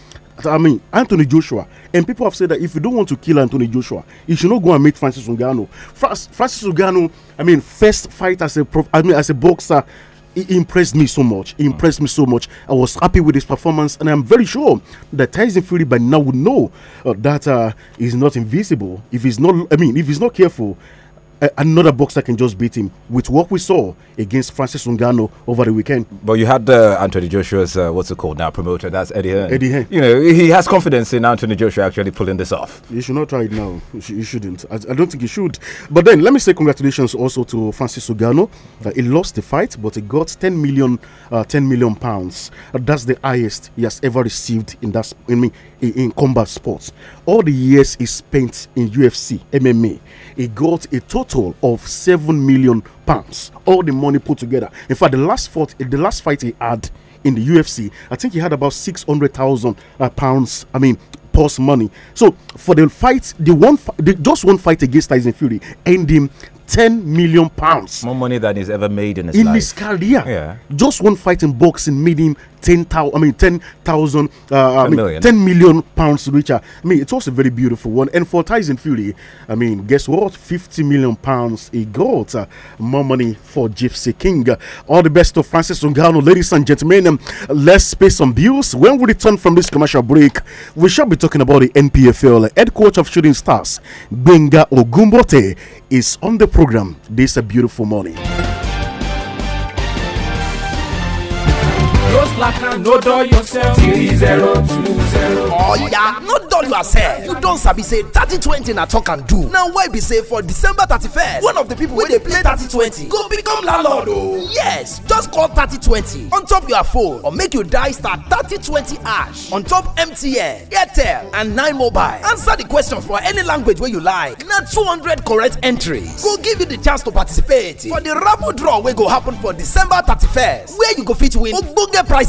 I mean, Anthony Joshua. And people have said that if you don't want to kill Anthony Joshua, you should not go and meet Francis Ngannou. Francis Ngannou, I mean, first fight as a prof, I mean, as a boxer, it impressed me so much. It impressed me so much. I was happy with his performance, and I'm very sure that Tyson Fury by now would know uh, that uh, he's not invisible. If he's not, I mean, if he's not careful, another boxer can just beat him with what we saw against Francis Ngannou over the weekend. But you had uh, Anthony Joshua's uh, what's it called now promoter? That's Eddie Hearn. Eddie Hearn. You know he has confidence in Anthony Joshua actually pulling this off. You should not try it now. You shouldn't. I, I don't think you should. But then let me say congratulations also to Francis Ngannou. Uh, he lost the fight, but he got 10 million, uh, 10 million pounds. Uh, that's the highest he has ever received in that in, in combat sports. All the years he spent in UFC, MMA he got a total of seven million pounds. All the money put together. In fact, the last fight, the last fight he had in the UFC, I think he had about six hundred thousand uh, pounds. I mean, purse money. So for the fight, the one, the, just one fight against Tyson Fury, end him 10 million pounds. More money than he's ever made in his in life. his career. Yeah. Just one fight in boxing made him ten thousand. I mean ten thousand. Uh, 10 I mean, ten million pounds richer. I mean, it's also a very beautiful one. And for Tyson Fury, I mean, guess what? Fifty million pounds he got. Uh, more money for Gypsy King. Uh, all the best to Francis Ngannou, ladies and gentlemen. Um, let's pay some bills. When we return from this commercial break, we shall be talking about the NPFL. Head coach of Shooting Stars, Benga Ogumbote, is on the program this a beautiful morning. Black no dull yourself. Three zero two zero. Oh yeah, no dull yourself. You don't sabi say thirty twenty na talk and do. Now why be say for December thirty first, one of the people wey dey play thirty twenty go become landlord o. Oh? Yes, just call thirty twenty on top your phone or make you die star thirty twenty ash. on top MTN, Airtel and Nine Mobile. Answer the question for any language wey you like. Na two hundred correct entries go give you the chance to participate for the raffle draw wey go happen for December thirty first, where you go fit win ogbonge prize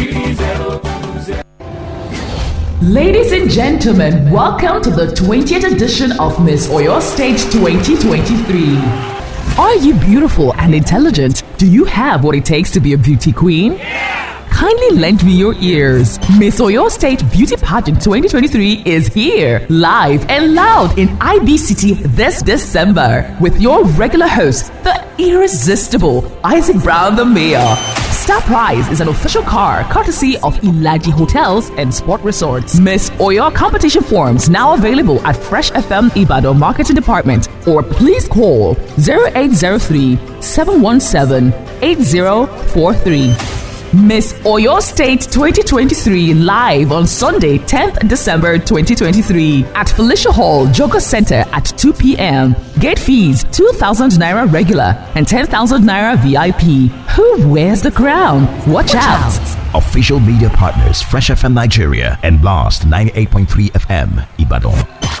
Ladies and gentlemen, welcome to the 20th edition of Miss Oyo State 2023. Are you beautiful and intelligent? Do you have what it takes to be a beauty queen? Yeah! kindly lend me your ears. Miss Oyo State Beauty Pageant 2023 is here, live and loud in IB City this December with your regular host, the irresistible Isaac Brown, the mayor. Star Prize is an official car courtesy of Ilagi Hotels and Sport Resorts. Miss Oyo competition forms now available at Fresh FM Ibado Marketing Department or please call 0803 717 8043. Miss Oyo State 2023 live on Sunday, 10th December 2023 at Felicia Hall, Joker Center at 2 p.m. Gate fees 2,000 naira regular and 10,000 naira VIP. Who wears the crown? Watch, Watch out. out. Official media partners Fresh FM Nigeria and Blast 98.3 FM, Ibadan.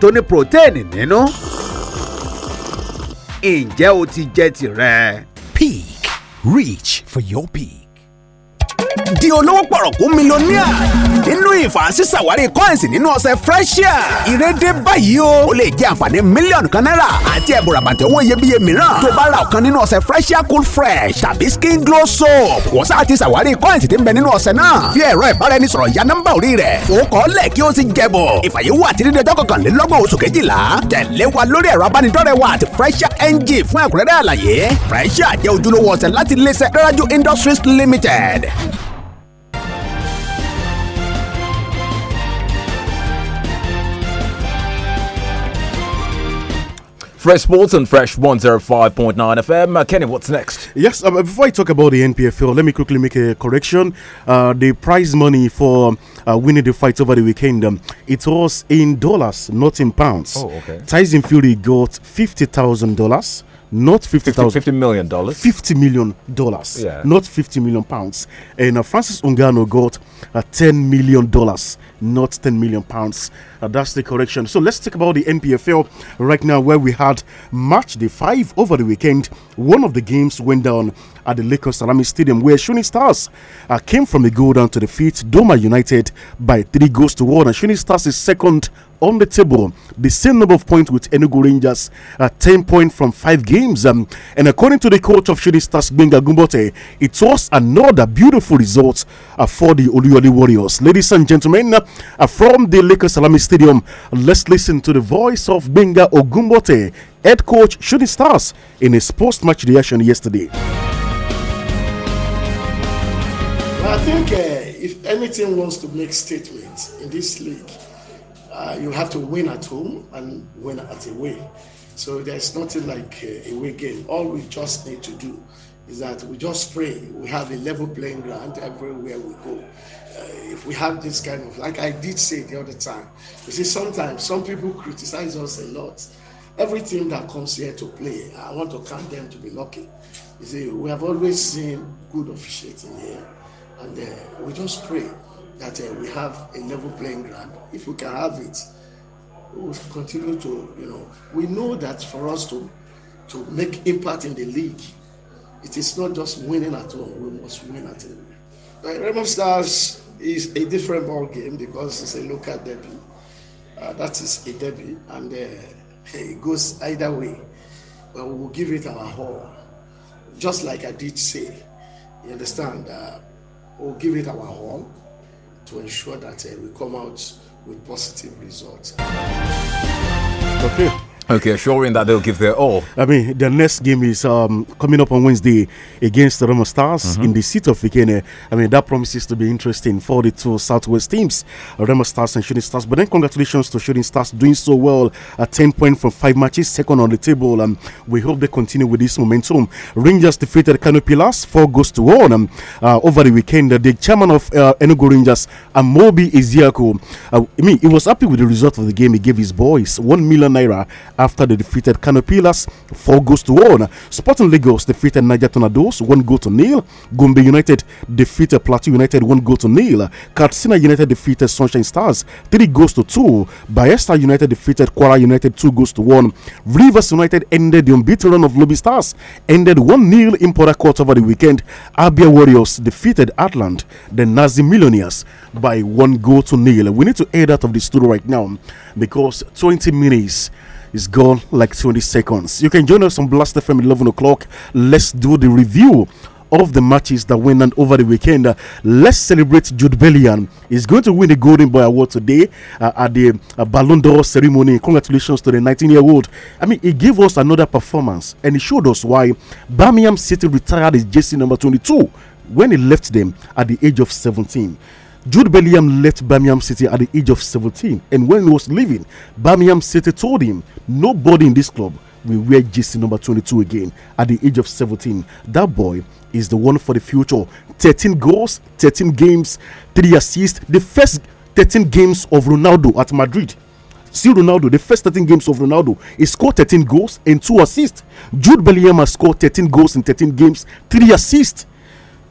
tó ní protein nínú. ǹjẹ́ o ti jẹ tirẹ̀? Peak reach for your peak di olówó pọ̀rọ̀kú mílíọ̀nìà nínú ìfàṣìṣàwárí coins nínú ọ̀sẹ̀ freshia ìrèdè báyìí o ó lè jẹ́ àǹfààní mílíọ̀nù kan náírà àti ẹ̀bùn ràbàtẹ̀ owó iyebíye mìíràn tó bá ra ọ̀kan nínú ọ̀sẹ̀ freshia cool fresh tàbí skin glow soap wọ́n sá ti ṣàwárí coins tí ń bẹ nínú ọ̀sẹ̀ náà fi ẹ̀rọ ìbáraẹnisọ̀rọ̀ ya nọ́mbà orí rẹ̀ ó kọ́ lẹ̀ kí ó sì jẹ̀bọ̀ ìfàyẹ̀wò àti dídé ọjọ́ kọkànlélọ́gbọ̀n oṣù kejìlá tẹ̀lé wa lórí ẹ̀rọ abánidọ́rẹ̀ẹ́ wa àti freshia ng fún ẹ̀kúnrẹ́rẹ́ àlàyé freshia jẹ́ ojúlówó ọ̀sẹ̀ láti iléeṣẹ́ Industries Limited. Fresh Sports and Fresh 105.9 FM. Uh, Kenny, what's next? Yes, um, before I talk about the NPFL, let me quickly make a correction. Uh, the prize money for uh, winning the fight over the weekend, um, it was in dollars, not in pounds. Oh, okay. Tyson Fury got $50,000 not 50,000 50, 50 million dollars 50 million dollars yeah. not 50 million pounds and uh, Francis Ungano got uh, 10 million dollars not 10 million pounds. Uh, that's the correction. So let's talk about the MPFL right now, where we had match the five over the weekend. One of the games went down at the Lakers Salami Stadium, where Shooting Stars uh, came from the goal down to defeat Doma United by three goals to one. And Shooting Stars is second on the table, the same number of points with Enugu Rangers, uh, 10 points from five games. Um, and according to the coach of Shooting Stars, Benga Gumbote, it was another beautiful result uh, for the Oluyole Warriors. Ladies and gentlemen, uh, uh, from the Lakers Salami Stadium. Let's listen to the voice of Benga Ogumbote, head coach Shooting Stars, in his post match reaction yesterday. I think uh, if anything wants to make statements in this league, uh, you have to win at home and win at away. So there's nothing like uh, away game. All we just need to do is that we just pray we have a level playing ground everywhere we go. Uh, if we have this kind of, like I did say the other time, you see, sometimes some people criticize us a lot. Everything that comes here to play, I want to count them to be lucky. You see, we have always seen good officiating here, and uh, we just pray that uh, we have a level playing ground. If we can have it, we'll continue to, you know, we know that for us to to make impact in the league, it is not just winning at all. We must win at all. Right, Raymond Stars is a different ball game because it's a local derby. Uh, that is a derby, and uh, [LAUGHS] it goes either way. But we will give it our all, just like I did say. You understand? Uh, we'll give it our all to ensure that uh, we come out with positive results. Okay. Okay, assuring that they'll give their all. I mean, the next game is um, coming up on Wednesday against the Roma Stars mm -hmm. in the city of Ikene. I mean, that promises to be interesting for the two Southwest teams, Roma Stars and Shooting Stars. But then, congratulations to Shooting Stars doing so well at 10 points from five matches, second on the table. Um, we hope they continue with this momentum. Rangers defeated Canopy last four goals to one um, uh, over the weekend. Uh, the chairman of uh, Enugu Rangers, Amobi Iziako, uh, I mean, he was happy with the result of the game. He gave his boys 1 million naira after they defeated Canopilas four goals to one. Sporting Lagos defeated Niger Tornadoes one goal to nil. Gombe United defeated Plateau United one goal to nil. Katsina United defeated Sunshine Stars three goals to two. Bayesta United defeated Kwara United two goals to one. Rivers United ended the unbeaten run of Lobby Stars, ended one nil in Port Court over the weekend. Abia Warriors defeated Atlant, the Nazi Millionaires, by one goal to nil. We need to air out of the studio right now because 20 minutes is gone like 20 seconds. You can join us on Blast FM 11 o'clock. Let's do the review of the matches that went on over the weekend. Uh, let's celebrate Jude Bellion. He's going to win the Golden Boy Award today uh, at the uh, Ballon d'Or ceremony. Congratulations to the 19 year old. I mean, he gave us another performance and he showed us why Birmingham City retired his jersey number 22 when he left them at the age of 17. Jude Bellingham left Birmingham City at the age of 17, and when he was leaving, Birmingham City told him, Nobody in this club will wear GC number 22 again at the age of 17. That boy is the one for the future. 13 goals, 13 games, 3 assists. The first 13 games of Ronaldo at Madrid. See Ronaldo, the first 13 games of Ronaldo, he scored 13 goals and 2 assists. Jude Bellingham has scored 13 goals in 13 games, 3 assists.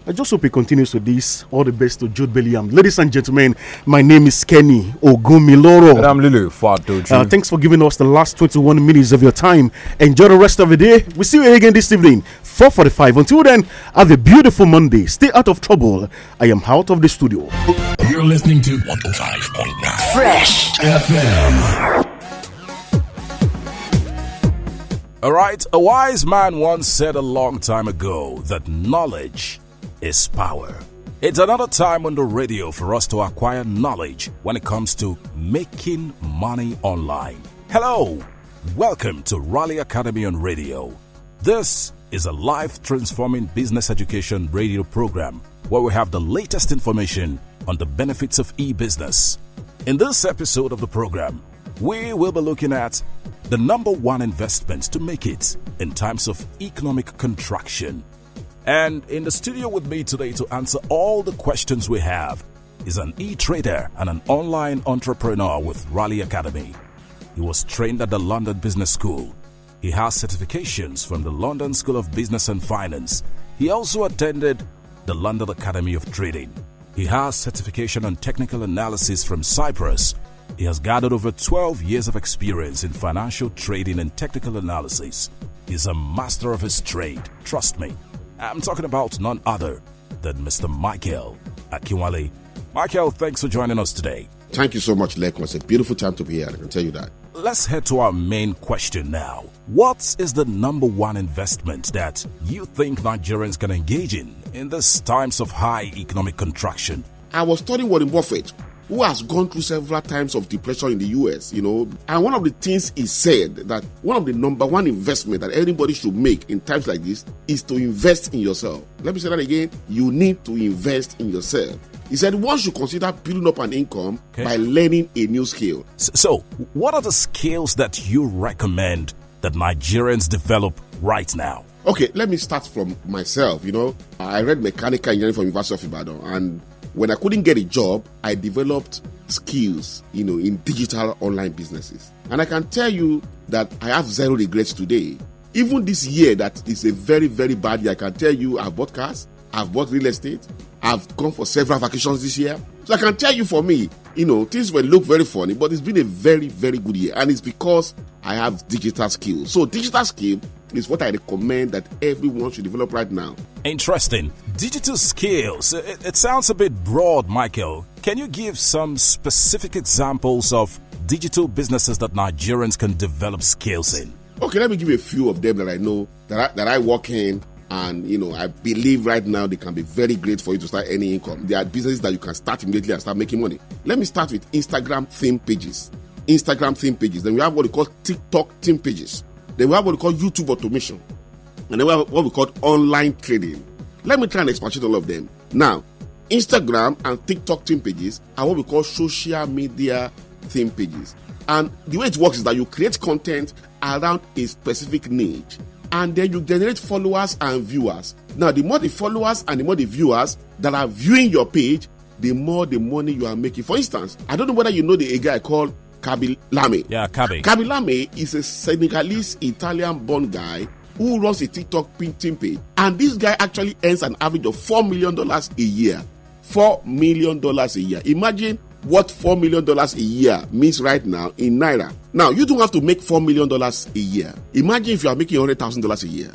I just hope he continues with this. All the best to Jude Belliam, Ladies and gentlemen, my name is Kenny Ogumiloro. And I'm Lulu Fatoju. Uh, thanks for giving us the last 21 minutes of your time. Enjoy the rest of the day. We'll see you again this evening, 4.45. Until then, have a beautiful Monday. Stay out of trouble. I am out of the studio. You're listening to 105.9 Fresh FM. All right, a wise man once said a long time ago that knowledge is power. It's another time on the radio for us to acquire knowledge when it comes to making money online. Hello, welcome to Raleigh Academy on Radio. This is a life transforming business education radio program where we have the latest information on the benefits of e business. In this episode of the program, we will be looking at the number one investment to make it in times of economic contraction and in the studio with me today to answer all the questions we have is an e trader and an online entrepreneur with Raleigh Academy. He was trained at the London Business School. He has certifications from the London School of Business and Finance. He also attended the London Academy of Trading. He has certification on technical analysis from Cyprus. He has gathered over 12 years of experience in financial trading and technical analysis. He's a master of his trade, trust me. I'm talking about none other than Mr. Michael Akinwale. Michael, thanks for joining us today. Thank you so much, Lekwa. It's a beautiful time to be here, I can tell you that. Let's head to our main question now. What is the number one investment that you think Nigerians can engage in in these times of high economic contraction? I was studying Warren Buffett who has gone through several times of depression in the US, you know. And one of the things he said that one of the number one investment that anybody should make in times like this is to invest in yourself. Let me say that again. You need to invest in yourself. He said one should consider building up an income okay. by learning a new skill. So, what are the skills that you recommend that Nigerians develop right now? Okay, let me start from myself. You know, I read mechanical engineering from University of Ibadan, and when I couldn't get a job, I developed skills, you know, in digital online businesses. And I can tell you that I have zero regrets today. Even this year that is a very, very bad year, I can tell you I've bought cars, I've bought real estate, I've gone for several vacations this year. So I can tell you for me, you know, things will look very funny, but it's been a very, very good year. And it's because I have digital skills. So, digital skill is what I recommend that everyone should develop right now. Interesting. Digital skills. It, it sounds a bit broad, Michael. Can you give some specific examples of digital businesses that Nigerians can develop skills in? Okay, let me give you a few of them that I know that I, that I work in and you know, I believe right now they can be very great for you to start any income. There are businesses that you can start immediately and start making money. Let me start with Instagram theme pages. Instagram theme pages. Then we have what we call TikTok theme pages. Then we have what we call YouTube automation. And then we have what we call online trading. Let me try and expatiate all of them. Now, Instagram and TikTok theme pages are what we call social media theme pages. And the way it works is that you create content around a specific niche and then you generate followers and viewers. Now, the more the followers and the more the viewers that are viewing your page, the more the money you are making. For instance, I don't know whether you know the a guy called Kabi Lame. Yeah, Kabi. Kabi Lame is a Senegalese Italian born guy who runs a TikTok painting page. And this guy actually earns an average of $4 million a year. $4 million a year. Imagine what $4 million a year means right now in Naira. Now, you don't have to make $4 million a year. Imagine if you are making $100,000 a year,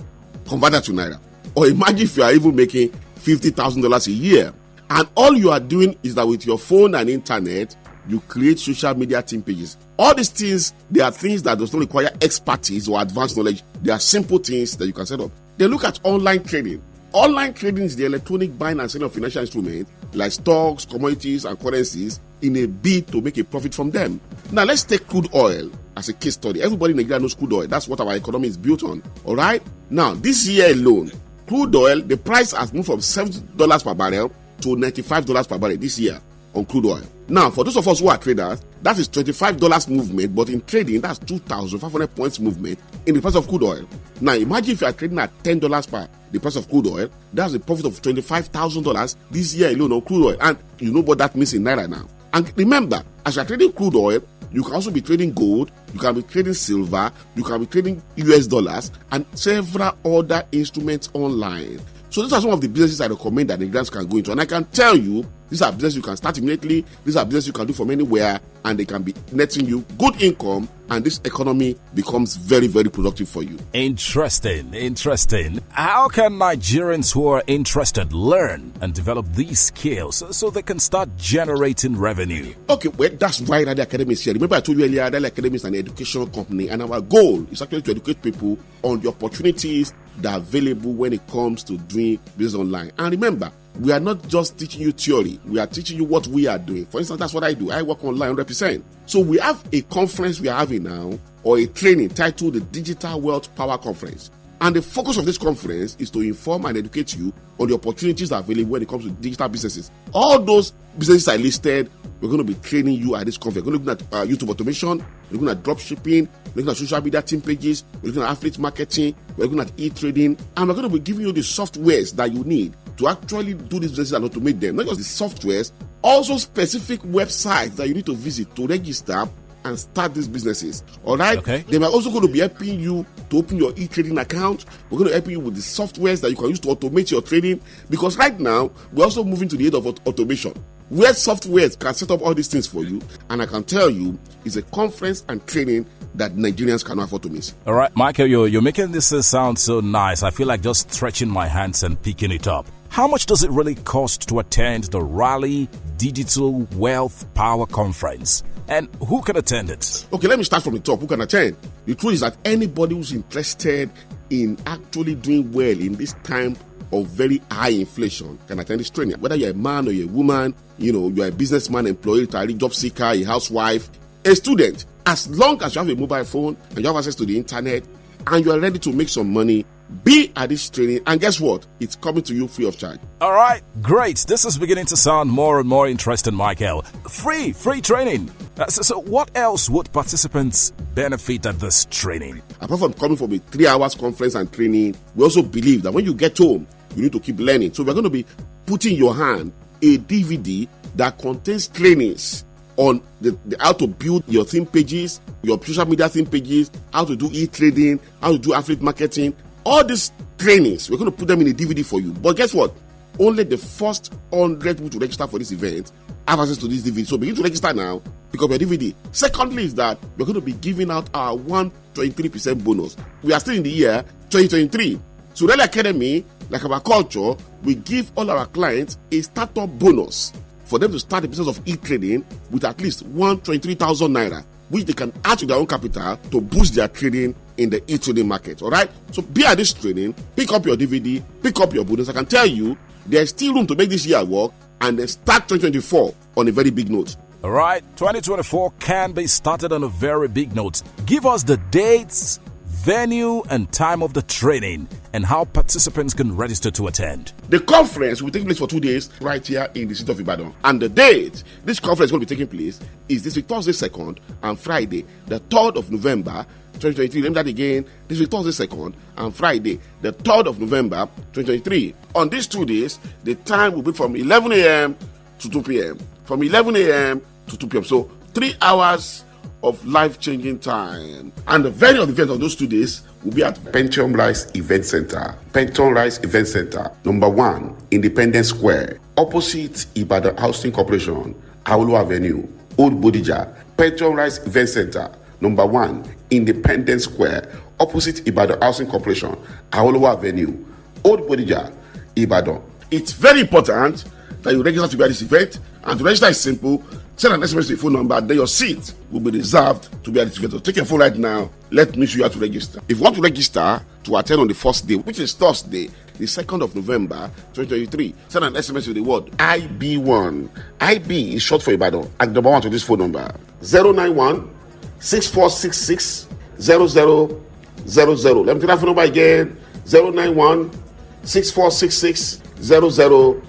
convert that to Naira. Or imagine if you are even making $50,000 a year. And all you are doing is that with your phone and internet, you create social media team pages. All these things, they are things that does not require expertise or advanced knowledge. They are simple things that you can set up. They look at online trading. Online trading is the electronic buying and selling of financial instruments like stocks, commodities, and currencies in a bid to make a profit from them. Now, let's take crude oil as a case study. Everybody in Nigeria knows crude oil. That's what our economy is built on. All right? Now, this year alone, crude oil, the price has moved from $70 per barrel to $95 per barrel this year on crude oil. Now, for those of us who are traders, that is $25 movement, but in trading, that's 2,500 points movement in the price of crude oil. Now, imagine if you are trading at $10 per the price of crude oil, that's a profit of $25,000 this year alone on crude oil. And you know what that means in Naira now. And remember, as you're trading crude oil, you can also be trading gold, you can be trading silver, you can be trading US dollars, and several other instruments online. So these are some of the businesses I recommend that the grants can go into. And I can tell you these are business you can start immediately. These are business you can do from anywhere, and they can be netting you good income. And this economy becomes very, very productive for you. Interesting, interesting. How can Nigerians who are interested learn and develop these skills so they can start generating revenue? Okay, well, that's why the Academy is here. Remember, I told you earlier, that Academy is an educational company, and our goal is actually to educate people on the opportunities that are available when it comes to doing business online. And remember, we are not just teaching you theory, we are teaching you what we are doing. For instance, that's what I do. I work online 100%. So we have a conference we are having now, or a training titled the Digital Wealth Power Conference. And the focus of this conference is to inform and educate you on the opportunities available when it comes to digital businesses. All those businesses I listed, we're going to be training you at this conference. We're looking at uh, YouTube automation, we're looking at drop shipping, we're looking at social media team pages, we're looking at affiliate marketing, we're looking at e-trading, and we're going to be giving you the softwares that you need to actually do these businesses and automate them, not just the softwares, also specific websites that you need to visit to register and start these businesses. All right. Okay. They are also going to be helping you to open your e-trading account. We're going to help you with the softwares that you can use to automate your trading. Because right now we're also moving to the age of automation, where softwares can set up all these things for you. And I can tell you, it's a conference and training that Nigerians cannot afford to miss. All right, Michael, you're, you're making this uh, sound so nice. I feel like just stretching my hands and picking it up. How much does it really cost to attend the Rally Digital Wealth Power Conference? And who can attend it? Okay, let me start from the top. Who can attend? The truth is that anybody who's interested in actually doing well in this time of very high inflation can attend this training. Whether you're a man or you're a woman, you know, you're a businessman, employee, retiree, job seeker, a housewife, a student, as long as you have a mobile phone and you have access to the internet and you are ready to make some money, be at this training, and guess what? It's coming to you free of charge. All right, great. This is beginning to sound more and more interesting, Michael. Free, free training. Uh, so, so, what else would participants benefit at this training? Apart from coming from a three hours conference and training, we also believe that when you get home, you need to keep learning. So, we're going to be putting your hand a DVD that contains trainings on the, the, how to build your theme pages, your social media theme pages, how to do e-trading, how to do affiliate marketing, all these trainings, we're going to put them in a DVD for you. But guess what? Only the first 100 people to register for this event have access to this DVD. So begin to register now, because we your DVD. Secondly, is that we're going to be giving out our 123% bonus. We are still in the year 2023. So, Red Academy, like our culture, we give all our clients a startup bonus for them to start the business of e trading with at least 123,000 naira, which they can add to their own capital to boost their trading in the e-trading market. All right. So be at this training, pick up your DVD, pick up your bonus. I can tell you there's still room to make this year work and then start 2024 on a very big note. All right, 2024 can be started on a very big note. Give us the dates, venue, and time of the training, and how participants can register to attend. The conference will take place for two days right here in the city of Ibadan. And the date this conference will be taking place is this week, Thursday 2nd and Friday, the 3rd of November, 2023. Let me that again. This is Thursday 2nd and Friday, the 3rd of November 2023. On these two days, the time will be from 11 a.m. to 2 p.m. From 11 a.m. to 2 p.m. So three hours of life-changing time. And the venue of the event of those two days will be at Pentium Rise Event Center. Pentium Rise Event Center, number one, Independence Square, opposite Ibadan Housing Corporation, Aulu Avenue, Old Bodija. Pentium Rise Event Center, number one, Independence Square, opposite Ibadan Housing Corporation, Aholowo Avenue, Old Bodija, Ibadan. It's very important that you register to be at this event. And to register is simple. Send an SMS to your phone number, then your seat will be reserved to be at this event. So take your phone right now. Let me show you how to register. If you want to register to attend on the first day, which is Thursday, the 2nd of November 2023, send an SMS with the word IB1. IB is short for Ibadan. And number one to this phone number 091 Six six six four zero zero 6466 0000. Let me take that phone number again 091 6466 0000.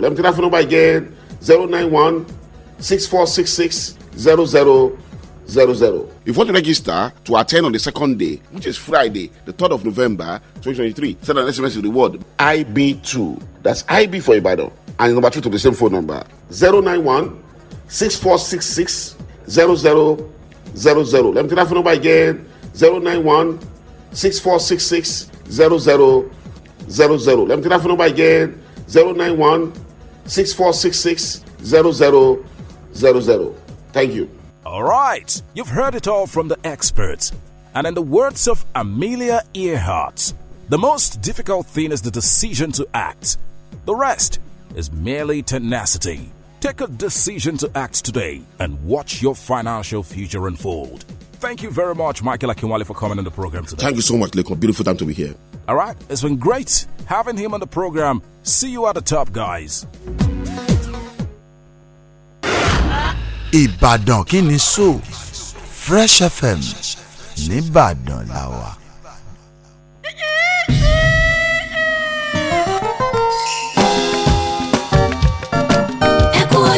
Let me take that phone number again 091 6466 0000. Zero, zero. If you want to register to attend on the second day, which is Friday, the 3rd of November 2023, send an SMS to the word IB2. That's IB for Ibadan. And number two to the same phone number 091 6466 Zero zero zero zero. Let me take that phone number again Zero nine one six four six six zero zero zero zero. Let me take that phone number again Zero nine one six four six six zero zero zero zero. Thank you. All right, you've heard it all from the experts. And in the words of Amelia Earhart, the most difficult thing is the decision to act, the rest is merely tenacity. Take a decision to act today and watch your financial future unfold. Thank you very much, Michael Akinwale, for coming on the program today. Thank you so much, Leko. Beautiful time to be here. All right, it's been great having him on the program. See you at the top, guys. Ibadan kini so Fresh FM Nibadan lawa. [LAUGHS]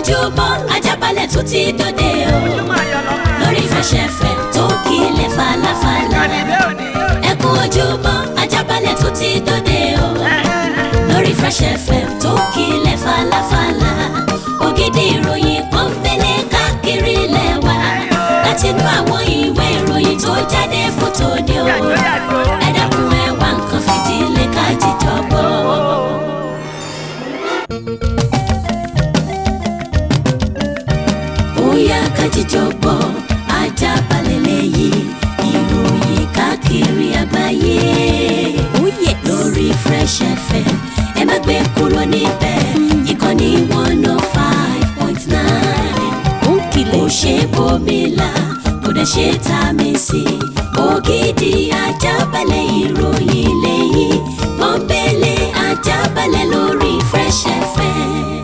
ojúbọ ajábalẹ̀ tó ti dòde o lórí fẹsẹ̀fẹ̀ tó kílẹ̀ falafala ẹ kú ojúbọ ajábalẹ̀ tó ti dòde o lórí fẹsẹ̀fẹ̀ tó kílẹ̀ falafala ògidì ìròyìn kan fẹlẹ̀ káàkiri lẹ́wà látinú àwọn ìwé ìròyìn tó jáde fótó ni o. ajíjọpọ̀ ajábalẹ̀ lẹ́yìn ìròyìn káàkiri àgbáyé. ó oh yẹ lórí Fresh FM ẹ má gbé kúrò níbẹ̀ ìkànnì one oh five point nine. ó kìlẹ̀ kò ṣe bómi la kò dẹ̀ ṣe tá a mi sí. ògidì ajábalẹ̀ ìròyìn lẹ́yìn pọ́npẹ́lẹ́ ajábalẹ̀ lórí Fresh FM.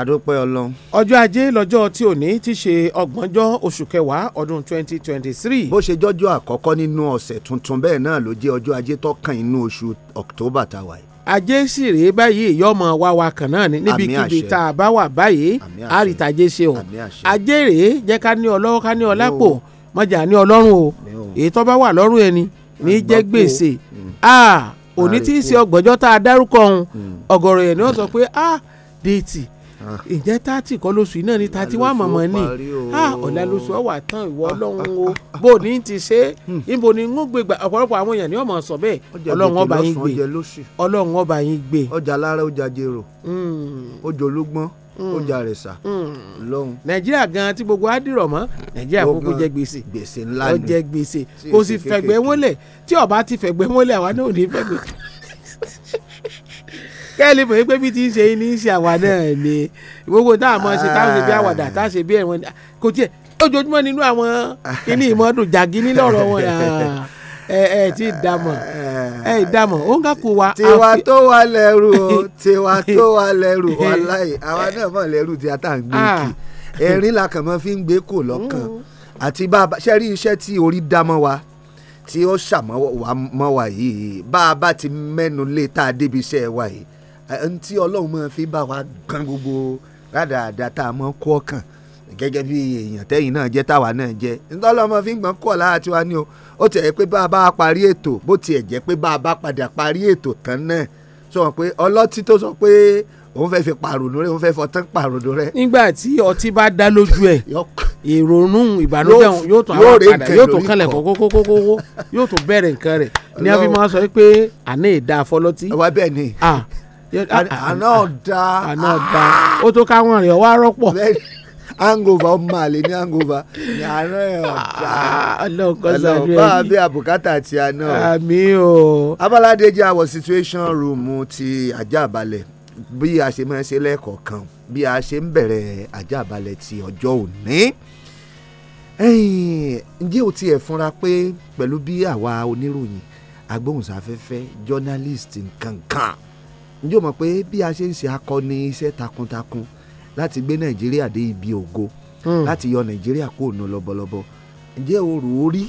àdópẹ́ ọlọ́run. ọjọ́ ajé lọ́jọ́ tí ò ní ti ṣe ọgbọ̀njọ́ oṣù kẹwàá ọdún twenty twenty three. bó ṣe jọ́jọ́ àkọ́kọ́ nínú ọ̀sẹ̀ tuntun bẹ́ẹ̀ náà ló jẹ́ ọjọ́ ajé tó kàn inú oṣù october tá a wà yìí. ajé sì rèé báyìí ìyọ́mọ wa wa kan náà ni níbikíbi tá a bá wà báyìí àrìtàjé ṣe o ajé rèé jẹ́ ká ní ọlọ́wọ́ ká ní ọlápò mọ̀jà ní ọlọ́run o èyí tó bá wà lọ́rùn ẹni ní jẹ́ gbèsè mm. òní tí ń ṣe ọgbọ̀njọ́ tá a dárúkọ ọ̀hún mm. ọ̀gọ̀rọ̀ yẹn ni wọ́n sọ pé ah déètì ǹjẹ́ tààtì kọ́ lóṣù iná ni tààtì wà mọ̀mọ́ ni ah, ọ̀la lóṣù ọ̀wà tán ìwọ ah, ọlọ́run ah, o bó ní ti ṣe hmm. níbo ni ń gbégbà ọ̀pọ̀lọpọ̀ àwọn èèyàn ni wọ́n mọ̀ sọ bẹ́ẹ̀ ọlọ́run ọba yín gbé ọlọ́run ọba yín gbé. ọjà lára ọjà jèrò hmm. ọjà ológbọ́n hmm. ọjà rẹ̀sà lọ́hùn. nàìjíríà gan tí gbogbo àdìrọ̀ mọ́ nàìjíríà kúkú jẹ gbèsè gbèsè ńlá ni ó jẹ gbèsè kò sì fẹ̀gbẹ́ wọlé tí ọba ti fẹ̀gbẹ́ wọlé àwa náà ò ní fẹ̀gbẹ́. [LAUGHS] kẹ́lí mọ̀ pé bí ti ń ṣe ní í ṣe àwa náà ni gbogbo tá a mọ̀ ṣe tá a ṣe bí àwàdà tá a ṣe bí ẹ̀wọ̀n kò tiẹ̀ ojoojúmọ́ nínú àwọn ilé ìmọ̀ọ́dún jàgí nílọ̀rọ̀ wọn ah, ẹ ẹ ti dàmọ̀ ẹ dàmọ̀ ó ń kàkó wa. tiwa tó wa lẹ́rù o tiwa tó wa lẹ́rù wàláyé àwa náà mọ̀ lẹ́rù tí a tà ń gbé kì ẹ̀rín ah. la kàn mọ́ fi ń gbé kò lọ́kàn mm. àti bá a ṣe rí iṣẹ́ tí orí dámọ́ wa tí ó ṣàmọ́ wa mọ́ wa yìí bá a bá ti mẹ́nu lé tá a débi iṣẹ́ wa yìí ntí ọlọ́run máa fi bá wa gan gbogbo rádàdà tá a mọ́ kọ́ kàn gẹ́gẹ́ bí èèyàn tẹ́yìn náà jẹ́ táwa náà jẹ́ ntọ́lọ́mọ fi ń gbọ́n kọ́ lára tiwa ni o ó ti ẹ̀ pé bá a bá parí ètò bó tiẹ̀ jẹ́ pé bá a bá padà parí ètò tán náà sọ pé ọlọ́tí tó sọ pé òun fẹ́ fi pàrònú rẹ òun fẹ́ fọtán pàrònú rẹ. nígbà tí ọtí bá dá lójú ẹ ìrònú ìbànújẹ́ òun yóò tún àwọn padà yóò tún kalẹ̀ kókókókókó yóò tún bẹ̀rẹ̀ nǹkan rẹ̀ ni a fi máa sọ pé àná ìdá afọlọ́tí. ọwọ́ bẹ́ẹ̀ ni. ah àná ọ̀dà àná ọ̀dà ó tó káwọn rẹ̀ wá rọ́pọ̀ hangover ọmọ àlè ní hangover ní àárọ̀ ẹ̀ ọ̀dà ah, ọlọ́ọ̀kọ́sọ̀rọ̀ bá a bí àbùkátà ti àná. àmì o. abaladeji awọ situation room ti ajá balẹ̀ bí a ṣe máa ń ṣe lẹ́ẹ̀kọ̀ọ̀kan bí a ṣe ń bẹ̀rẹ̀ ajá balẹ̀ ti ọjọ́ òní ǹjẹ́ o tiẹ̀ fúnra pé pẹ̀lú bí àwa oníròyìn agbóhùnsáfẹ́fẹ́ journalist nkankan n yóò mọ̀ pé bí a ṣe ń ṣe akọni iṣẹ́ takuntakun láti gbé nàìjíríà dé ibi ògo hmm. láti yọ nàìjíríà kúrò ní lọ́bọ̀lọ́bọ̀ ǹjẹ́ o rò ó rí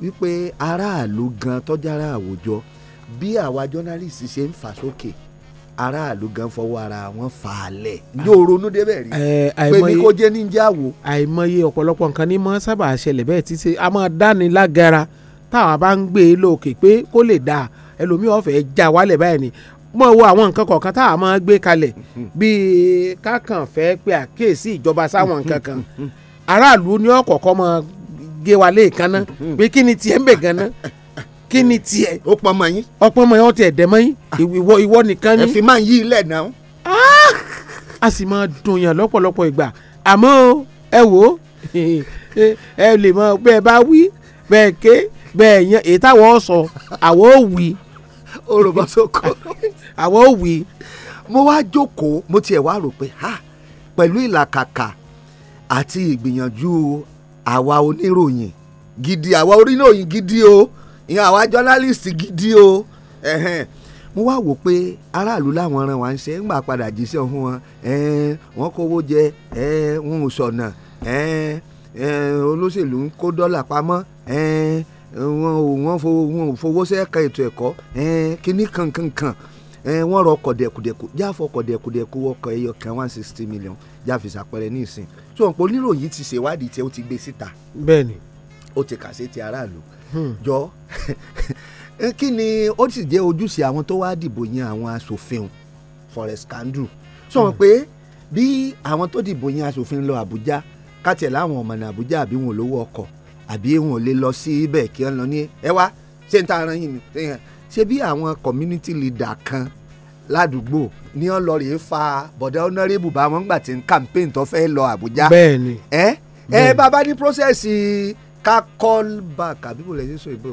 wípé aráàlú gan tọ́jára àwùjọ bí àwa journalist ṣe ń fà sókè aráàlú gan fọwọ́ ara wọn fà á lẹ̀ yóò ronú débẹ̀ rí eh, eh, pé mi kò jẹ́ níjà wo. àìmọye ọ̀pọ̀lọpọ̀ nǹkan ní mọ́ sábà ṣẹlẹ̀ bẹ́ẹ̀ títí a máa dáni lágara táwa bá ń gbé e lókè pé kó lè dáa ẹlòmíì já wálẹ̀ báyìí ni mọ̀ wo àwọn nǹkan kọ̀ọ̀kan tá a máa gbé kalẹ̀ bíi kákan fẹ́ pé àkíyèsí ìjọba sáwọn nǹkan kan aráàlú ní ọ̀kọ̀ọ̀kan máa gé wa léèkan ná pé kí ni tiẹ̀ ń bẹ̀ gan ná kí ni tiẹ̀. ó pọn mọ yín. ọpọn mọ yín ọtí ẹ̀dẹ̀ mọ yín ìwọ ìwọ nìkan ni. ẹ fi máa yí ilẹ̀ náà. a sì máa dùn yàn lọ́pọ̀lọpọ̀ ìgbà àmọ́ ẹ wò ó ẹ lè mọ bẹ́ẹ̀ bá wí bẹ́ẹ̀ ké bẹ́ẹ̀ yan èyí táwọn sọ àwọn ò wí òròbọ̀sọ̀kọ. àwọn ò wí. mo wá jókòó mo tiẹ̀ wá rò pé ha pẹ̀lú ìlàkàkà àti ìgbìyànjú àwa oníròyìn gidi àwa oníròyìn gidi o ìyẹn àwa jọ́nálìsì gidi o ẹ̀hẹ́n mo wá wò pé aráàlú làwọn ran wa ń ṣe ńgbà padà jíṣẹ́ ọ̀hún wọn wọn kówó jẹ wọn ò sọ̀nà olóṣèlú ń kó dọ́là pamọ́ wọn ò wọn fowó wọn ò fowó sẹ́ka ètò ẹ̀kọ́ kínní kankankan wọ́n rọ ọkọ̀ dẹ̀kùdẹ̀kù jáfọ ọkọ̀ dẹ̀kùdẹ̀kù ọkọ̀ ẹyọ kan one sixty million jáfi sàpẹrẹ ní ìsìn tí wọn pọ oníròyìn ti ṣèwádìí tí ó ti gbé síta. bẹ́ẹ̀ni. ó ti kà sí ti aráàlú. Hmm. jọ kí ni ó sì jẹ́ ojúṣe àwọn tó wá dìbò yan àwọn aṣòfin forest kandu sọ wọn hmm. pé bí àwọn tó dìbò yan aṣòfin lọ Àbújá kátẹ̀ láwọn ọ̀mọ̀nà Àbújá àbí wọn ò lówó ọkọ̀ àbí wọn ò lè lọ sí ibẹ̀ kí wọ́n lọ ní ẹ wá ṣé n ta ara yín ni ṣé bí àwọn community leader kan ládùúgbò ni wọ́n lọ rèé fa bọ̀dá honorable bá wọn gbà tí ń campaign tó fẹ́ lọ Àbújá bẹ́ẹ̀ni ẹ ẹ bàbá ní process ká call back àbí kò lè ṣe sọ ìbò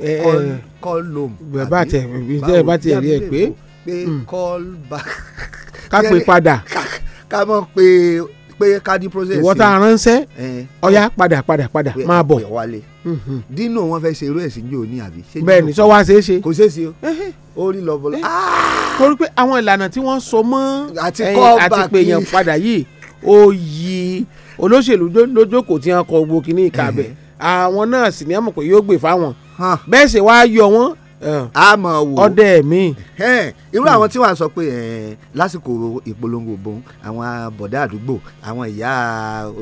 call home àbí bá tiẹ̀ rí ẹ pé pé hmm. call back ká pè padà [LAUGHS] ká mọ̀ pé pé carding process. ìwọ tá a ránṣẹ́ ọ̀yá padà padà padà máa bọ̀. Mhm. dínú wọn fẹ́ ṣe irú ẹ̀sìn yóò ní àbí. bẹ́ẹ̀ ni sọ wá ṣeé ṣe. kò ṣeé ṣe o ó rí lọ bọ́lá. Ah! torí pé àwọn ìlànà tí wọ́n sọ mọ́ àti pé èèyàn padà yìí ó yí olóṣèlú lójókòó tí wọ́n kọ gbogbo kínní ìkàbẹ̀ àwọn náà sì ní àmọ̀ pé yóò gbè fáwọn bẹ́ẹ̀ ṣe wá yọ wọ́n Ah. a mọ̀ wò. ọdẹ mi. irú àwọn tí wàá sọ pé lásìkò ìpolongo bon àwọn bọ̀dá àdúgbò àwọn ìyá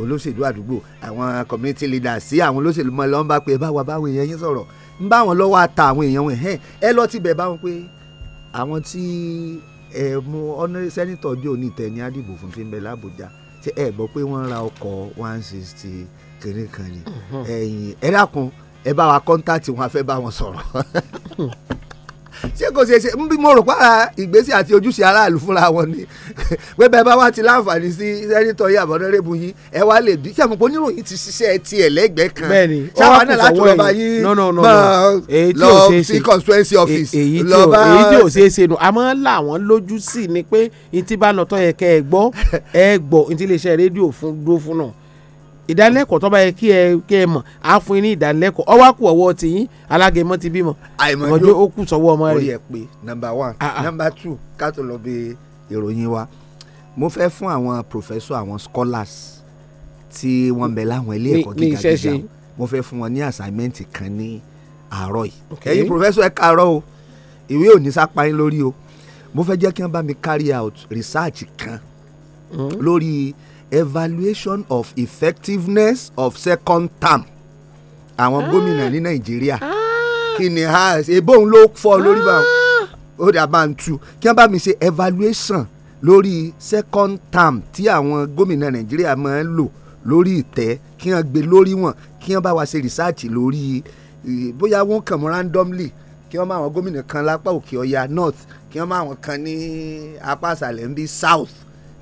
olóṣèlú àdúgbò àwọn community leaders sí àwọn olóṣèlú mọ́ lọ́n bá pé báwa báwo èèyàn yín sọ̀rọ̀ ń bá wọn lọ́wọ́ ata àwọn èèyàn wọn ẹ lọ tibẹ̀ bá wọn pé àwọn tí ẹ mú honorary senator jọ ní ìtẹ̀ni àdìbò fún ti ń bẹ lábújá ẹ gbọ́ pé wọ́n ra ọkọ̀ one sixty kìnnìkan ni ẹ̀yìn ẹ̀dá kan ẹ bá wa kọ́ńtàtì wọn a fẹ́ bá wọn sọ̀rọ̀ [LAUGHS] ṣé kò ṣeé ṣe bí mo rò pa ìgbésẹ̀ àti ojúṣe aráàlú fúnra wọn ni [LAUGHS] pé bẹ́ẹ̀ bá wá ti láǹfààní sí sẹ́nitọ́ yìí àbọ̀dọ́rẹ́bù yín ẹ wá lè bí sàmùkú oníròyìn ti ṣiṣẹ́ tiẹ̀ lẹ́gbẹ̀ẹ́ kan sáwọn náà láti lọ́ọ́ bá yín lọ sí constituency office lọ bá èyí tí ò ṣeé ṣe nù àmọ́ làwọn lójú sí ni pé ìtì yẹ kẹ́ ẹ gbọ́ [LAUGHS] ẹ gbọ́ ìtì rédíò fún dúró fún náà ìdánilẹ́kọ̀ọ́ tó bá yẹ kí ẹ kí ẹ mọ̀ á fún yín ní ìdánilẹ́kọ̀ọ́ ọwọ́ àkú ọwọ́ ti yín alágẹmọ ti bímọ ìmọ̀jọ́ ó kù sọ́wọ́ ọmọ rẹ̀. ó yẹ pé number one ah, ah. number two ká tó lọ bí ìròyìn wa mo fẹ́ fún àwọn professor àwọn scholars tí wọ́n bẹ láwọn ilé ẹ̀kọ́ gíga gíga mo fẹ́ fún wọn ní assignment kan ní àárọ̀ yìí ẹ̀yin professor ẹ káàárọ̀ o ìwé ò ní sápá yín lórí o mo fẹ́ jẹ́ kí wọ́n bá mi carry out research kan hmm. lórí. Mm -hmm evaluation of effectiveness of second term àwọn ah. gómìnà ní nàìjíríà ah. kí ni ha ebo òun ló fọ lórí bá ah. ó dà bá ń tu kí wọ́n bá mi ṣe evaluation lórí second term tí àwọn gómìnà nàìjíríà máa ń lò lórí ìtẹ́ kí wọ́n gbé lórí wọn kí wọ́n bá wa ṣe research lórí bóyá wọ́n kàn mọ́ randomly kí wọ́n máa àwọn gómìnà kan lápá òkè ọya north kí wọ́n máa àwọn kan ní apá àṣàlẹ̀ ń bí south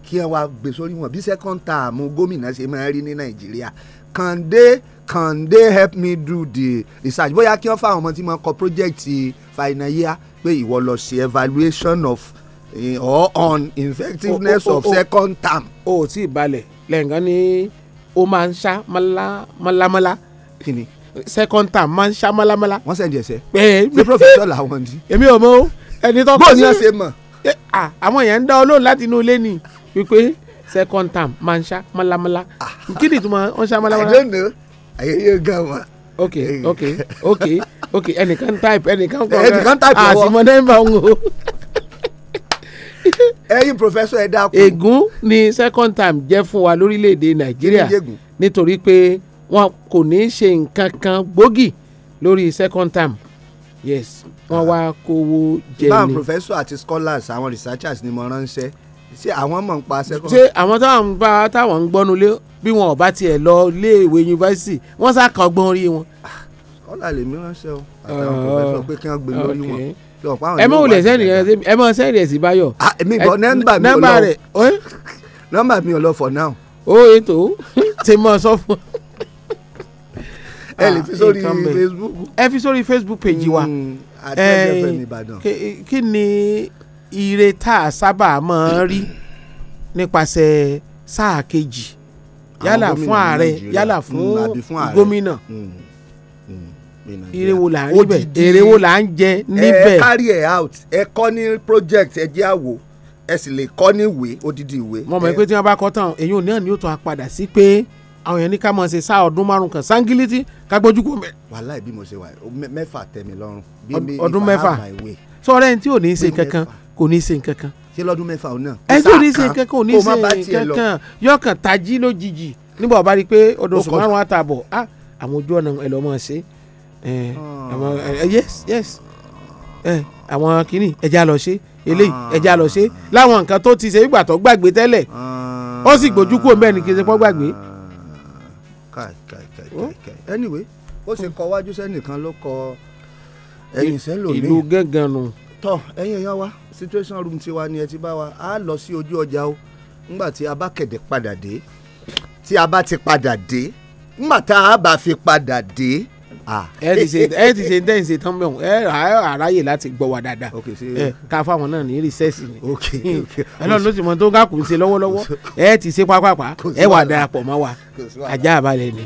kí ẹ wá gbé sórí wọn bí second term gómìnà ṣe máa rí ní nàìjíríà can they can they help me do the research bóyá kí wọ́n fáwọn ọmọ tí mo kọ project final year pé ìwọ lọ ṣe evaluation of eh, or on effectiveness of second term. o ò tí ì balẹ̀ lẹ́ǹkan ni ó máa ń ṣá málámálá kìíní second term máa ń ṣá málámálá. wọ́n sẹ̀ǹdì ẹ̀sẹ̀ ṣé professor làwọn ni. èmi ò mọ̀ o ẹni tó kọ́ sí. bóun ni wọ́n ṣe mọ̀. àwọn èèyàn ń dá ọ lóhùn láti inú ilé ni wípé second term máa ń ṣá málámálá ah. kí ni ìtumọ̀ ń ṣá málámálá. i don't know ayé yóò ga wa. ok ok ok ok ẹnìkan type ẹnìkan kọ ẹnìkan type lọ́wọ́ àti mọ nẹ́mbà ń o. ẹ̀yin professor ẹ dákun. ègún ni second term jẹ́ fún wa lórílẹ̀‐èdè nàìjíríà nítorí pé wọn kò ní í ṣe nǹkan kan gbòógì lórí second term yes wọn ah. wá kówó jẹ ni. báwọn professor àti scholars àwọn researchers ni mo ránṣẹ́ ṣé àwọn mọ̀ ń pa sẹ́kọ̀ọ́. ṣé àwọn táwọn bá táwọn ń gbọ́nu lé bí wọn ò bá tiẹ̀ lọ iléèwé yunifásitì wọ́n sá kan ọgbọ́n orí wọn. Ah, kọ́là lèmi ránṣẹ́ o àtàwọn kò fẹ́ sọ pé kí wọ́n gbé lórí wọn ẹ mọ wulẹ sẹni ẹ mọ sẹni ah, ẹ sì bá yọ. mi bọ nọ́mbà mi ò lọ nọ́mbà mi ò lọ for now. o ètò ṣe mọ sọ fún. ẹ lè ah, fi sórí facebook. ẹ fi sórí facebook page wa. àti ẹgbẹ́ fẹ́ ní ìbàdàn. Eh, kí ni ire tá a sábà máa ń rí nípasẹ̀ sáà kejì yálà fún ààrẹ yálà fún gómìnà ire wo là ń bẹ èrè wo là ń jẹ níbẹ̀. ẹ carry ẹ out ẹ kọ́ ní project ẹ jẹ́ àwò ẹ sì lè kọ́ ní ìwé odidi ìwé. mo mọ̀ pé tí wọ́n bá kọ́ tán èyí ò náà ni yóò tún padà sí pé àwọn yẹn ní ká máa ṣe sáà ọdún márùn kan sangiliti ká gbójú kó mẹ. wàhálà bí mo ṣe wà mẹ́fà tẹ́ mi lọ́rùn. ọdún mẹ́fà sọ̀rọ̀ ẹni tí ò ní í ṣe kankan kò ní í ṣe nǹkan kan. ṣé lọ́dún mẹ́fà ò náà. ẹjọ́ ò ní í ṣe nǹkan kan ò ní í ṣe nǹkan kan yọkàn tají lójijì nígbà ọba rí i pé ọdún oṣù márùn-ún àtààbọ̀ ah àwọn ojú ọ̀nà ẹ̀ lọ́ mọ̀ ṣe ah. yes yes àwọn kìíní ẹja lọ ṣe eléyìí ah. ẹja lọ ṣe láwọn nǹkan tó ti ṣe ìgbà tó gbàgbé tẹ́lẹ̀ ó sì gbójú kúrò bẹ́ẹ̀ ni kì í ṣe pọ́ gbàgbé. Ah. anyway ó ṣe kọ wájú sẹ́nìkan ló kọ ẹ̀yìn sẹ́lòmíì. ìlú gángan tọ ẹ̀yin èèyàn wa situation room tiwa ni ẹ ti bá wa a lọ sí ojú ọjà o ńgbà tí a bá kẹ̀dẹ̀ padà dé tí a bá ti padà dé ńgbà tá a bá fi padà dé ẹ ti ṣe ẹ ti ṣe dẹ́yìn ṣe tán mẹ́wọ̀n ẹ àráyè láti gbọ́ wa dáadáa ẹ ká fáwọn náà ní rìsẹ́ẹ̀sì ni ẹlọ́run ló ti mọ tó ń kà kù ń ṣe lọ́wọ́lọ́wọ́ [LAUGHS] ẹ ti ṣe pápápá ẹ wà darapọ̀ mọ́ wa ajá àbálẹ̀ ni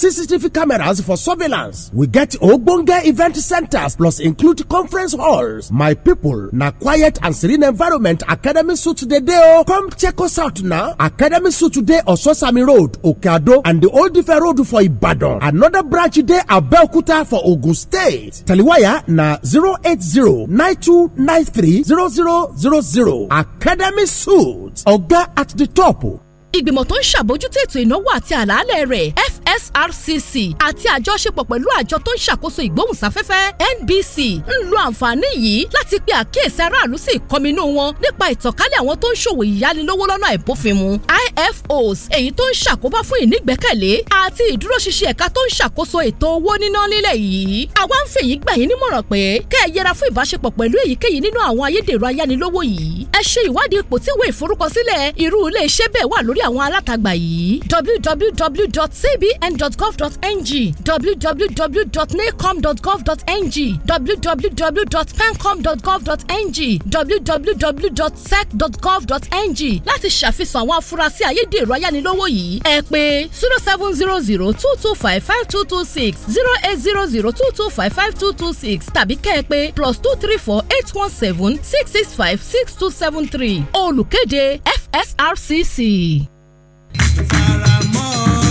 CCTV cameras for surveillance. We get ogbonge event centers plus include conference halls. My people, na quiet and serene environment Academy Suit today Oh, Come check us out now. Academy Suit today Ososami Road, Okeado and the Old Ife Road for Ibadan. Another branch dey Abeokuta for Ogun State. Taliwaya na 08092930000. Academy Suit. Oga at the top. Oh. Ìgbìmọ̀ tó ń ṣàbójútó ètò ìnáwó àti àlàálẹ̀ rẹ̀ SRCC àti àjọṣepọ̀ pẹ̀lú àjọ tó ń ṣàkóso ìgbóhùnsáfẹ́fẹ́ NBC ń lo àǹfààní yìí láti pe àkíyèsí aráàlú sí ìkọminú wọn nípa ìtànkálẹ̀ àwọn tó ń ṣòwò ìyánilówó lọ́nà àìbófinmu IFOs èyí tó ń ṣàkóbá fún ìnígbẹ́kẹ̀lé àti ìdúróṣinṣin ẹ̀ka tó ń ṣàkóso ètò owó níná nílẹ̀ yìí àwa ń fèyí gbà yín nímọ̀ràn pé kẹ́ ẹ yẹra fún ìbáṣepọ̀ pẹ̀lú èyíkéyìí nínú àwọn ayédèrú ayánilówó yìí ẹ ṣe ìwádìí ipò tí ìwé ìforúkọsílẹ̀ irú ilé iṣẹ́ bẹ́ẹ̀ wà lórí àwọn alátagbà yìí www.cb ncn.gov.ng www.nacom.gov.ng www.pencom.gov.ng www.sec.gov.ng láti ṣàfihàn àwọn afurasí ayédèrú ayánilówó yìí ẹ pè zero seven zero zero two two five five two two six zero eight zero zero two two five five two two six tàbí kẹ́ ẹ pè plus two three four eight one seven six six five six two seven three olùkéde FSRCC. faramọ́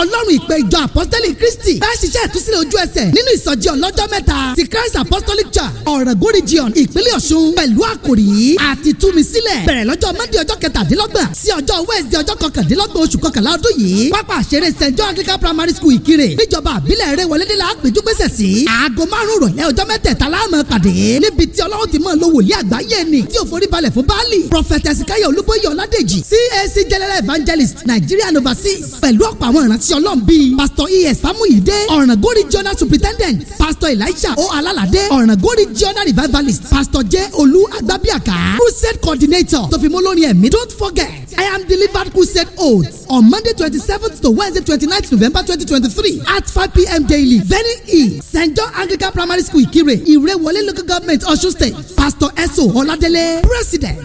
ọlọ́run ìpè ìjọ apọ́sítẹ́lì kristi bá ṣiṣẹ́ ìtúsílẹ̀ ojú ẹsẹ̀ nínú ìsọjí ọlọ́jọ́ mẹ́ta ti christ apostolic church ọ̀rẹ́gùn region ìpínlẹ̀ ọ̀ṣun pẹ̀lú àkòrí àti túmi sílẹ̀ bẹ̀rẹ̀ lọ́jọ́ monday ọjọ́ kẹtàdínlọ́gbọ̀n sí ọjọ́ wednesday ọjọ́ kọkàndínlọ́gbọ̀n oṣù kọkànlá ọdún yìí pápá àṣẹrẹ st john anglican primary school ìkirè níjọba àbílẹ̀ eré wọlé nílà àpèjú gbèsè sí aago márùn-ún rọ̀lẹ́ ọjọ́ mẹ́tẹ̀ẹ̀ta láàmú pàdé níbi tí ọlọ́run ti mọ̀ lọ wòlíì àgbáyé ni tí ò forí balẹ̀ fún baálì prọfẹtẹsì káyọ̀ olúbóyè ọládèjì cac general evangelist nigerian overseas pẹ̀lú ọ̀pọ̀ àwọn ìránṣẹ́ ọlọ́run bíi pastor es famuyide ọ̀ràngún regional superintendent pastor elisha o alalade ọ̀ràngún regional revivalist pastor j olú agbábíàká crusade coordinator tòfimolórin ẹ̀mí don't forget i am delivered crusade oath on monday twenty seventh to wednesday twenty ninth november twenty twenty three at five pm daily venue e st john anglican primary school ìkirè ìrẹ́wọlé local government Osun state pastor eso ọládélé president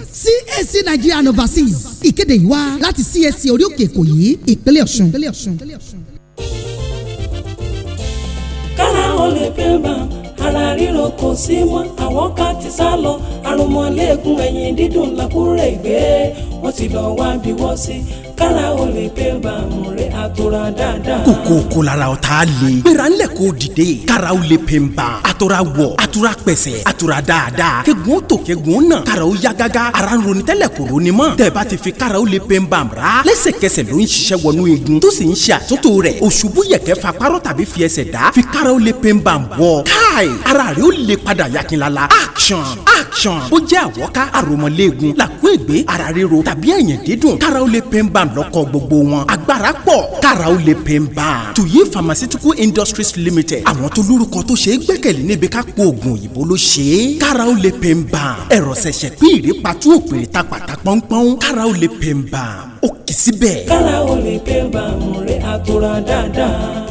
cac nigeria and overseas ìkéde ìwá láti cac orí òkè èkó yìí ìpínlẹ̀ ọ̀ṣun ìpínlẹ̀ Ọ̀ṣun. kára ó lè pé bá ara ríro kò sí mọ́ àwọn ká ti sá lọ àrùnmọ́lẹ́gùn ẹ̀yìn dídùn làkúrẹ́ ìgbé wọ́n ti lọ́ọ́ wá bí wọ́n sí kára o lè pé bàmù rẹ̀ àtòrà dáadáa. kòkó kò lára o t'a le. gbéra ńlẹ̀ kò dìde. kára o lè pè ń ban. àtòrà wọ̀ àtòrà pẹ̀sẹ̀ àtòrà dáadáa. kegun tó kegun nà. kára o ya gágá. ara ń ronú tẹ́lẹ̀ kò ronú mọ́. tẹ̀bá ti fi kára o lè pè ń ban ra. lẹ́sẹ̀kẹsẹ̀ ló ń ṣiṣẹ́ wọnú igun. tó sì ń ṣe àtúntò rẹ̀. òṣùbù yẹ̀kẹ́ fa párọ̀ tàbí fi ẹsẹ̀ dá. fi kára o lè pè ń ban bọ̀. káì ara rẹ̀ ó lè padà yakinlala. action action action. ó jẹ́ àwọ́ká àròmọ́léegun làkúègbé ara ríro tàbí ẹ̀yìn dídùn kára ó lè pè ń bá lọ́kọ̀ gbogbo wọn agbára pọ̀ kára ó lè pè tuyi pharmaceutical industries limited àwọn tó lórúkọ tó ṣe é gbẹ́kẹ̀lé níbi ká po oògùn òyìnbó ló ṣe é kára ó lè pè ń bá. ẹ̀rọ ṣẹ̀ṣẹ̀ pín ìrèpàtú òpèrè ta pàtà pọ́npọ́n kára ó lè pè ó kì í síbẹ̀. kára ó lè pè ń bá dáadáa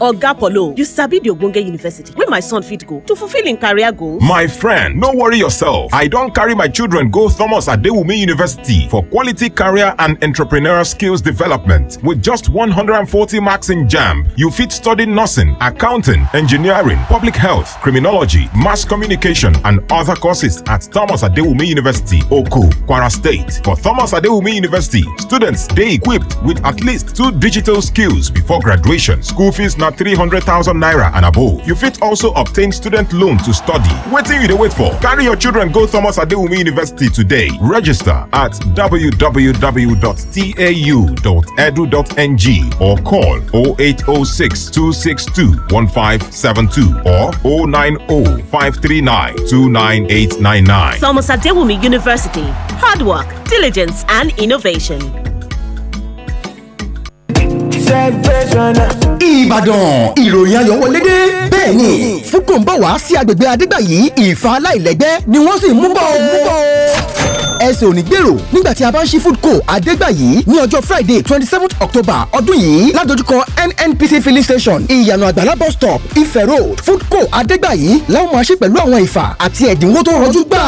oga polo you sabi di ogbonge university Where my son fit go to fulfill im career goals. my friend no worry yourself i don't carry my children go thomas adewumi university for quality career and entrepreneurial skills development with just 140 marks in jamb you fit study nursing accounting engineering public health criminology mass communication and other courses at thomas adewumi university Oku, kwara state for thomas adewumi university students stay equipped with at least two digital skills before graduation school fees na 300,000 naira and above. You fit also obtain student loan to study. Waiting you to wait for. Carry your children go Thomas Adewumi University today. Register at www.tau.edu.ng or call 0806 262 1572 or 090 539 Thomas Adewumi University. Hard work, diligence, and innovation. ìbàdàn ìròyìn ayọ̀ wọlé dé bẹ́ẹ̀ ni fúkò ń bọ̀ wá sí agbègbè adégbàyí ìfà aláìlẹ́gbẹ́ ni wọ́n sì mú bọ̀ mú bọ̀ ẹsẹ̀ ò ní gbèrò nígbà tí a bá ń ṣí food co adégbàyí ní ọjọ́ friday twenty seven october ọdún yìí ládojúkọ nnpc filling station ìyànà àgbàlá bus stop ife road food co adégbàyí láwọn máa ṣe pẹ̀lú àwọn ìfà àti ẹ̀dínwó tó rọjú gbà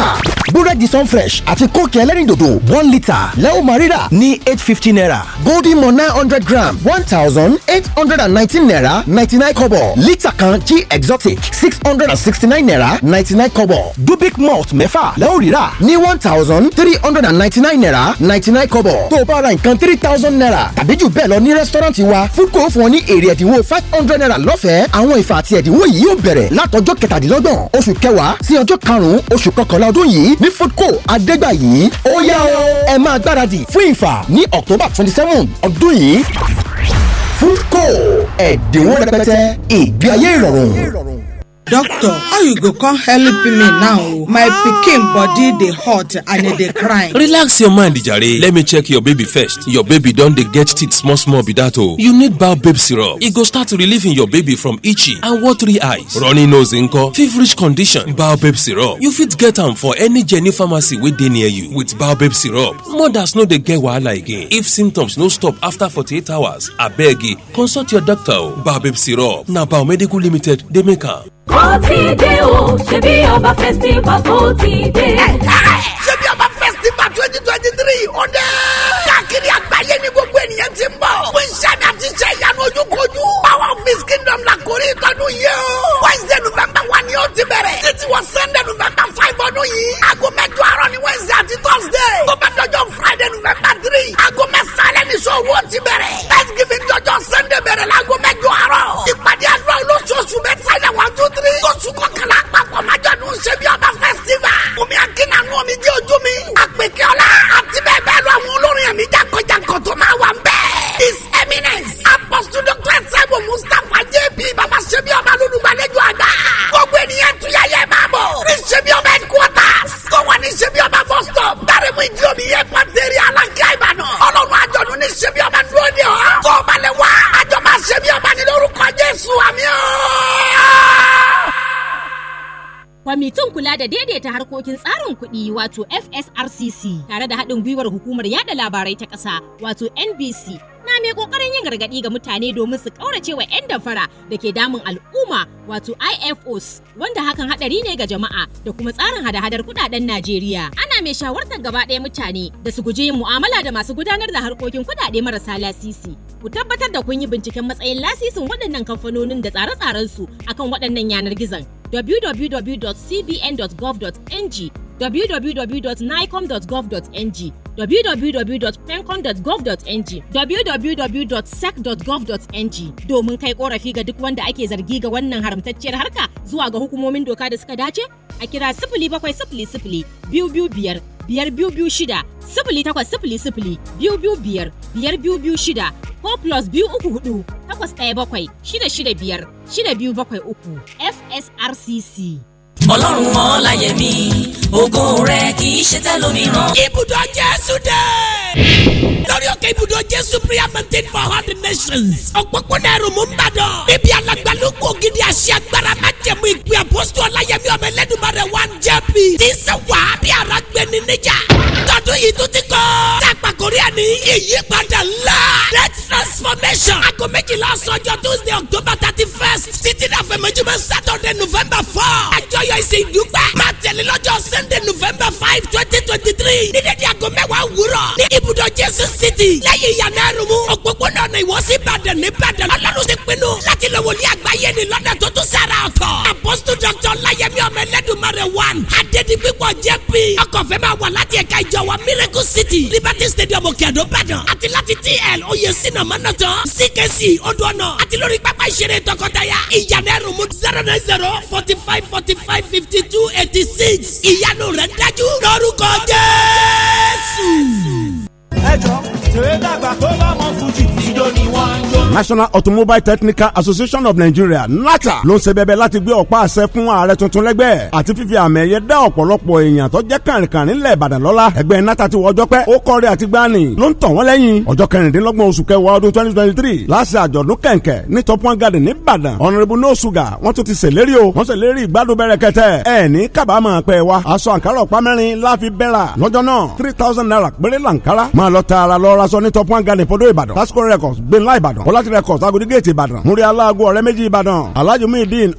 búrẹ́dì sunfresh àti kóòkì ẹlẹ́rìndòdò one litre lẹ́wọ̀n marira ní eight fifty naira golden mo nine hundred gram one thousand eight hundred and nineteen naira ninety nine kobo lítà kan g exotic six hundred and sixty nine naira ninety nine kobo Dubik malt mẹ́fà lẹ́wọ̀n rira ní one thousand three hundred and ninety nine naira ninety nine kobo tó o bá ra nǹkan three thousand naira tàbí jù bẹ́ẹ̀ lọ ní rẹ́sítọ́rọ̀ǹtì wa foodco fún ọ ní èrè ẹ̀dínwó five hundred naira lọ́fẹ̀ẹ́ àwọn ìfà àti ẹ̀dínwó yìí yóò bẹ̀rẹ̀ látọjọ́ kẹtàdínlọ́gbọ̀n oṣù kẹwàá sí ọjọ́ karùn-ún oṣù kọkànlá ọdún yìí ní foodco adégbàyí ó yá o ẹ máa gbáradì fún ìfà ní october twenty seven ọdún yìí foodco ẹ̀dínwó rẹpẹtẹ ìgbé ayé ìrọ̀rùn doctor how you go come help me now my pikin body dey hot and e dey cry. relax your mind jare let me check your baby first your baby don dey get teeth small small be that o oh. you need baobab syrup e go start relieving your baby from itchy and watery eyes runny nose nko feverish condition baobab syrup you fit get am for any jenny pharmacy wey dey near you with baobab syrup mothers no dey get wahala again if symptoms no stop after forty-eight hours abeg consult your doctor o oh. baobab syrup na Medical limited dey make am ó ti dé o ṣebí ọba festival tó ti dé. ṣebí ọba festival twenty twenty three ó dé. kojú. power of miss kingdom la kórè ìtọ́dún yìí o. wednesday november one ni ó ti bẹ̀rẹ̀. títí wọ sunday november five ọdún yìí. aago mẹ́jọ àárọ̀ ni wednesday àti thursday. tó bá dọjọ́ friday november three. aago mẹ́sàlẹ̀ ni sọ̀rọ̀ ó ti bẹ̀rẹ̀. thanksgiving dọjọ́ sunday bẹ̀rẹ̀ láago mẹ́jọ àárọ̀. ìpàdé àdúrà olóṣooṣù bẹ́ẹ̀ sáyẹn one two three. oṣù kọkànlá àpapọ̀ májọ̀dún ṣe bí ọba festival. omi akínàánú omi jẹ́ ojú mi. àpèkẹ́ ọlá àti bẹ́ẹ̀ bẹ́ẹ̀ lọ àwọn olórin ẹ̀mí jákọ̀jákọ̀ tó máa wà ń bẹ́ẹ̀ his eminence apostle doctor saibu mustapha jp baba sebi ọba lolùgbàlejò àgbà gbogbo ènìyàn tuyayẹ máa bọ̀ ní sebi ọba headquarters kó wà ní sebi ọba bus stop dárẹ́mú ìdí omi yẹ pàtẹ́rì alákíá ìbàdàn ọlọ́run àjọ̀dún ní sebi ọba dúró de ọ kó o balẹ̀ wá àjọ máa sebi ọba ní lórúkọ jésù àmì ọ́. Kwamitin kula da daidaita harkokin tsarin kuɗi wato FSRCC tare da haɗin gwiwar hukumar yada labarai ta ƙasa wato NBC na mai kokarin yin gargaɗi ga mutane domin su ƙaurace wa 'yan damfara da ke damun al'umma wato IFOs wanda hakan haɗari ne ga jama'a da kuma tsarin hada-hadar kuɗaɗen Najeriya. Ana mai shawartar gaba ɗaya mutane da su guji yin mu'amala da masu gudanar da harkokin kuɗaɗe marasa lasisi. Ku tabbatar da kun yi binciken matsayin lasisin waɗannan kamfanonin da tsare-tsarensu akan waɗannan yanar gizon. www.cbn.gov.ng www.nicom.gov.ng www.pencon.gov.ng www.sec.gov.ng domin kai korafi ga duk wanda ake zargi ga wannan haramtacciyar harka zuwa ga hukumomin doka da suka dace a kira sifili bakwai sifili sifili biyu biyu biyar biyar biyu biyu shida sifili takwas sifili sifili biyu biyu biyar biyar biyu biyu shida ko plus biyu uku hudu takwas ɗaya bakwai shida shida biyar shida biyu bakwai uku FSRCC. ọlọ́run mọ́ láyé mi ògo rẹ kì í ṣe tẹlòmíràn. ibùdó jésù dé lórí òkè ibùdó jésù prayer mountain for all the nations. òpópónà ẹrù mú nbàdàn. bíbí alágbàlókù ògidì àṣẹ agbára májẹ̀mú ìpè àpòsù ọláyẹmí ọmọ ẹlẹ́dùnmarè one jp. tí sẹ wà á bí ara gbẹni níjà. tọdún yìí tó ti kọ́. tá a pàkórí ẹni ìyípadà ńlá. great transformation. aago méjìlá ọ̀sán ọjọ́ tuesday october thirty first. títí náà fẹ̀mẹ́júmọ́ saturday november four. àjọyọ̀ ìsì ìdúpẹ́ máa tẹ̀lé lọ́jọ́ sunday november five twenty twenty three ní dédé aago mẹ́wàá òwúrọ̀ ní ibùdó jésù city lẹ́yìn ìyànà ẹrùmú òpópónà ọ̀nà ìwọ́sí ìbàdàn ní ìbàdàn ọlọ́run ti pinnu láti lọ wòlíì àgbáyé ní lọ́nà tó tún sára ọ̀tọ̀ apostle doctor ọláyẹmí ọmọ ẹlẹ́dùnmarè one adédìpípọ̀ jp ọkọ̀fẹ́ máa wà láti ẹ̀ka ìjọ wa miracle city liberty stadium òkèdó ìbàdàn àti láti tl oyèsínà mọ́nàtàn ckc odò ọ̀nà àti lórí pápá ìṣeré tọkọtaya ìyànà ẹrùmú zero nine zero forty five forty five fifty two eighty six ìyanu rẹ̀ dájú lórúkọ Jésù. ẹ jọ. National Automobile Technical Association of Nigeria NATA ló ń ṣe bẹ̀bẹ̀ láti gbé ọ̀pá àṣẹ fún ààrẹ tuntun lẹ́gbẹ́ àti fífi àmì ẹ̀yẹ dá ọ̀pọ̀lọpọ̀ èèyàn tó jẹ́ kàrìnkàrìn ńlẹ̀ Ìbàdàn lọ́lá ẹgbẹ́ NATA ti wọ ọjọ́ pẹ́ ó kọ́rẹ́ àti gbani ló ń tàn wọ́n lẹ́yìn ọjọ́ kẹrìndínlọ́gbọ̀n oṣù kẹwàá ọdún twenty twenty three láti àjọ̀dún kẹ̀kẹ́ ní Top One Garden ní Ìbàdàn Honourable No Sugar wọ́n tún ti ṣèlérí o wọ́n ṣèlérí ìgbádùn bẹ̀rẹ̀ kẹtẹ ẹ̀ ní wa aṣọ àǹkárá ọ̀pá mẹ́rin láfi bẹ́ra lọ́jọ́ three thousand naira péré làǹkárá máa lọ tààrà lọ aṣọ ní top one garden podo ìbàdàn tasco records gbẹ̀nlá ìbàdàn bọ́láti records agodi gate ìbàdàn múri aláago ọ̀rẹ́ méjì ìbàdàn alhaji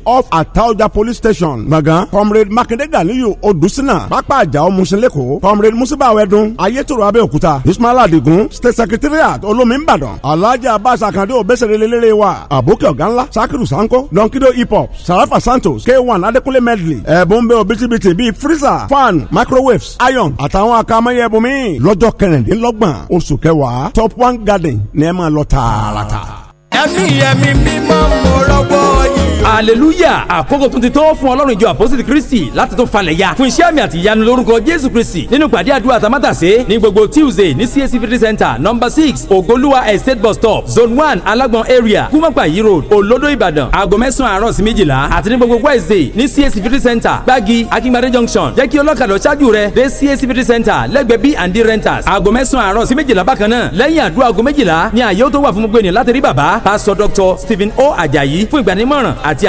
off ataoja police station gbọ̀ngàn comrade makinde ganiyu odusina pápá àjàó musinleko comrade musibawo ẹdun ayétòrò abẹ́òkúta ismaila adigun state secretariat olómi ìbàdàn alhaji abas akande obeserelelere wa àbókẹ́ ọ̀gá sakiru sanko donkido hip hop sarafa santos k1 adekunle medley ẹ̀bùn kẹwàá top one garden ní ẹ máa lọ tààràtà. ẹ̀mí ẹ̀mí mímọ́ mo rọ́gbọ́ hallelujah àkókò tún ti tó fún ọlọ́run ìjọ àpọ́sítì kristi láti tún falẹ̀ ya fún iṣẹ́ àmì àti ìyanu lórúkọ jésù kristi nínú pàdé àdúrà tamátàsé ní gbogbo tuesday ní cac fifty center number six ogoluwa estate bus stop zone one alágbọn area kúmọ̀pàyí road olodo ìbàdàn aago mẹ́sàn-án àárọ̀ sí méjìlá àti ní gbogbo wednesday ní cac fifty center gbági akíngbadé junction jẹ́ kí ọlọ́kadà ṣáájú rẹ dé cac fifty center lẹ́gbẹ̀ẹ́ b and d renters aago mẹ́sàn-án àárọ̀ sí méjìlá bákan náà lẹ́yìn àdúrà aago méjìlá ni àyè ó tó wà fún gbogbo ènìyàn láti rí bàbá pásọ dr stephen o ajayi fún ìgbanímọ̀ràn àti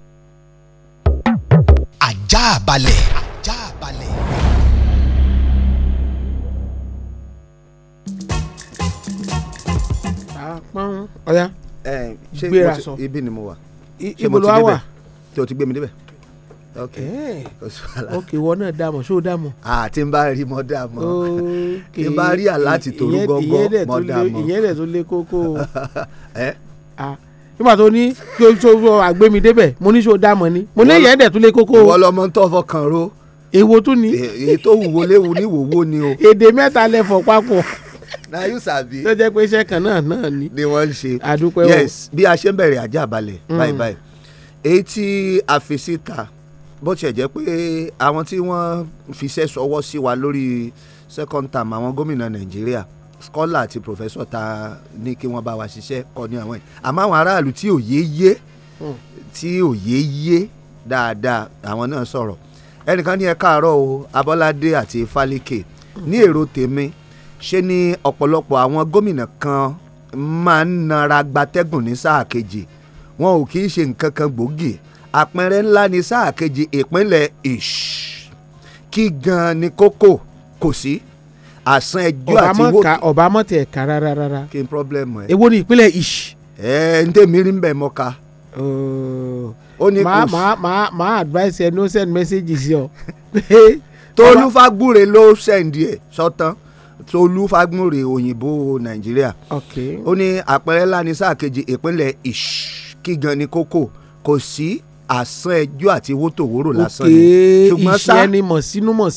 ajá balẹ̀. ajá balẹ̀. àpọ́n ọ̀yá gbéra sọ ibi ni mo wà. ibo ló wá wà. tí o ti gbé mi débẹ̀ ok ok ìwọ náà dà mọ ṣó dà mọ. a ti ń bá rí mọ dà mọ ti ń bá rí àlá ti tòrú gọgọ mọ dà ìyẹn dẹ̀ tó lé kókó. [LAUGHS] nígbà tó ní kí o ṣòwò àgbémi débẹ̀ mo ní ṣòwò dáàmọ̀ ni mo ní ìyẹn dẹ̀ lé kókó. ìwọ lọmọ ń tọ́ fọkàn ro. èwo tún ni. èyí tó wúwo léwu ní wòwó ni o. èdè mẹ́ta lẹ́fọ̀ papọ̀. na you sabi. tó jẹ́ pé iṣẹ́ kan náà náà ni. ni wọ́n ń ṣe. àdúpẹ́ o. yes bí a ṣe ń bẹ̀rẹ̀ ajá balẹ̀ mm. báyìí báyìí èyí tí a fi síta bó tiẹ̀ jẹ́ pé àwọn tí wọ́n fiṣẹ́ sọwọ́ sí wa lórí second term àwọn gómìnà nàìjíríà scholar àti professor ta ní kí wọ́n bá wa ṣiṣẹ́ kọ́ ní àwọn yìí àmọ́ àwọn aráàlú tí òye yé hmm. tí òye yé dáadáa àwọn náà sọ̀rọ̀ ẹnìkan ní ẹ káàárọ̀ o abọ́ládé àti fálékè hmm. ní èrò tèmi ṣe ni ọ̀pọ̀lọpọ̀ àwọn gómìnà kan máa ń nara gbatẹ́gùn ní sáà kejì wọn ò kì í ṣe nǹkan kan gbòógì àpẹẹrẹ ńlá ní sáà kejì ìpínlẹ̀ ish kí gan ni kókó kò sí. Si àsán ẹjọ́ àti wókè. ọba mọ̀ tẹ̀ ká rárá rárá. kí n problem ẹ. èwo ni ìpínlẹ̀ ish. ẹ ẹ n tẹ́ mi rí bẹ́ẹ̀ mọ́ ka. ó ní kò sí. máa máa advice ẹ no send message sí ọ. [LAUGHS] tolú fagbúre ló send ẹ sọtán tolú fagbúre òyìnbó nàìjíríà. ok ó ní àpẹẹrẹ lánìí sáà kejì ìpínlẹ̀ ish kí gan ni kókó kò sí àsán ẹjọ́ àti wótòwórò lásán ni. ok ìṣẹ́ ni mọ̀ sínú mọ̀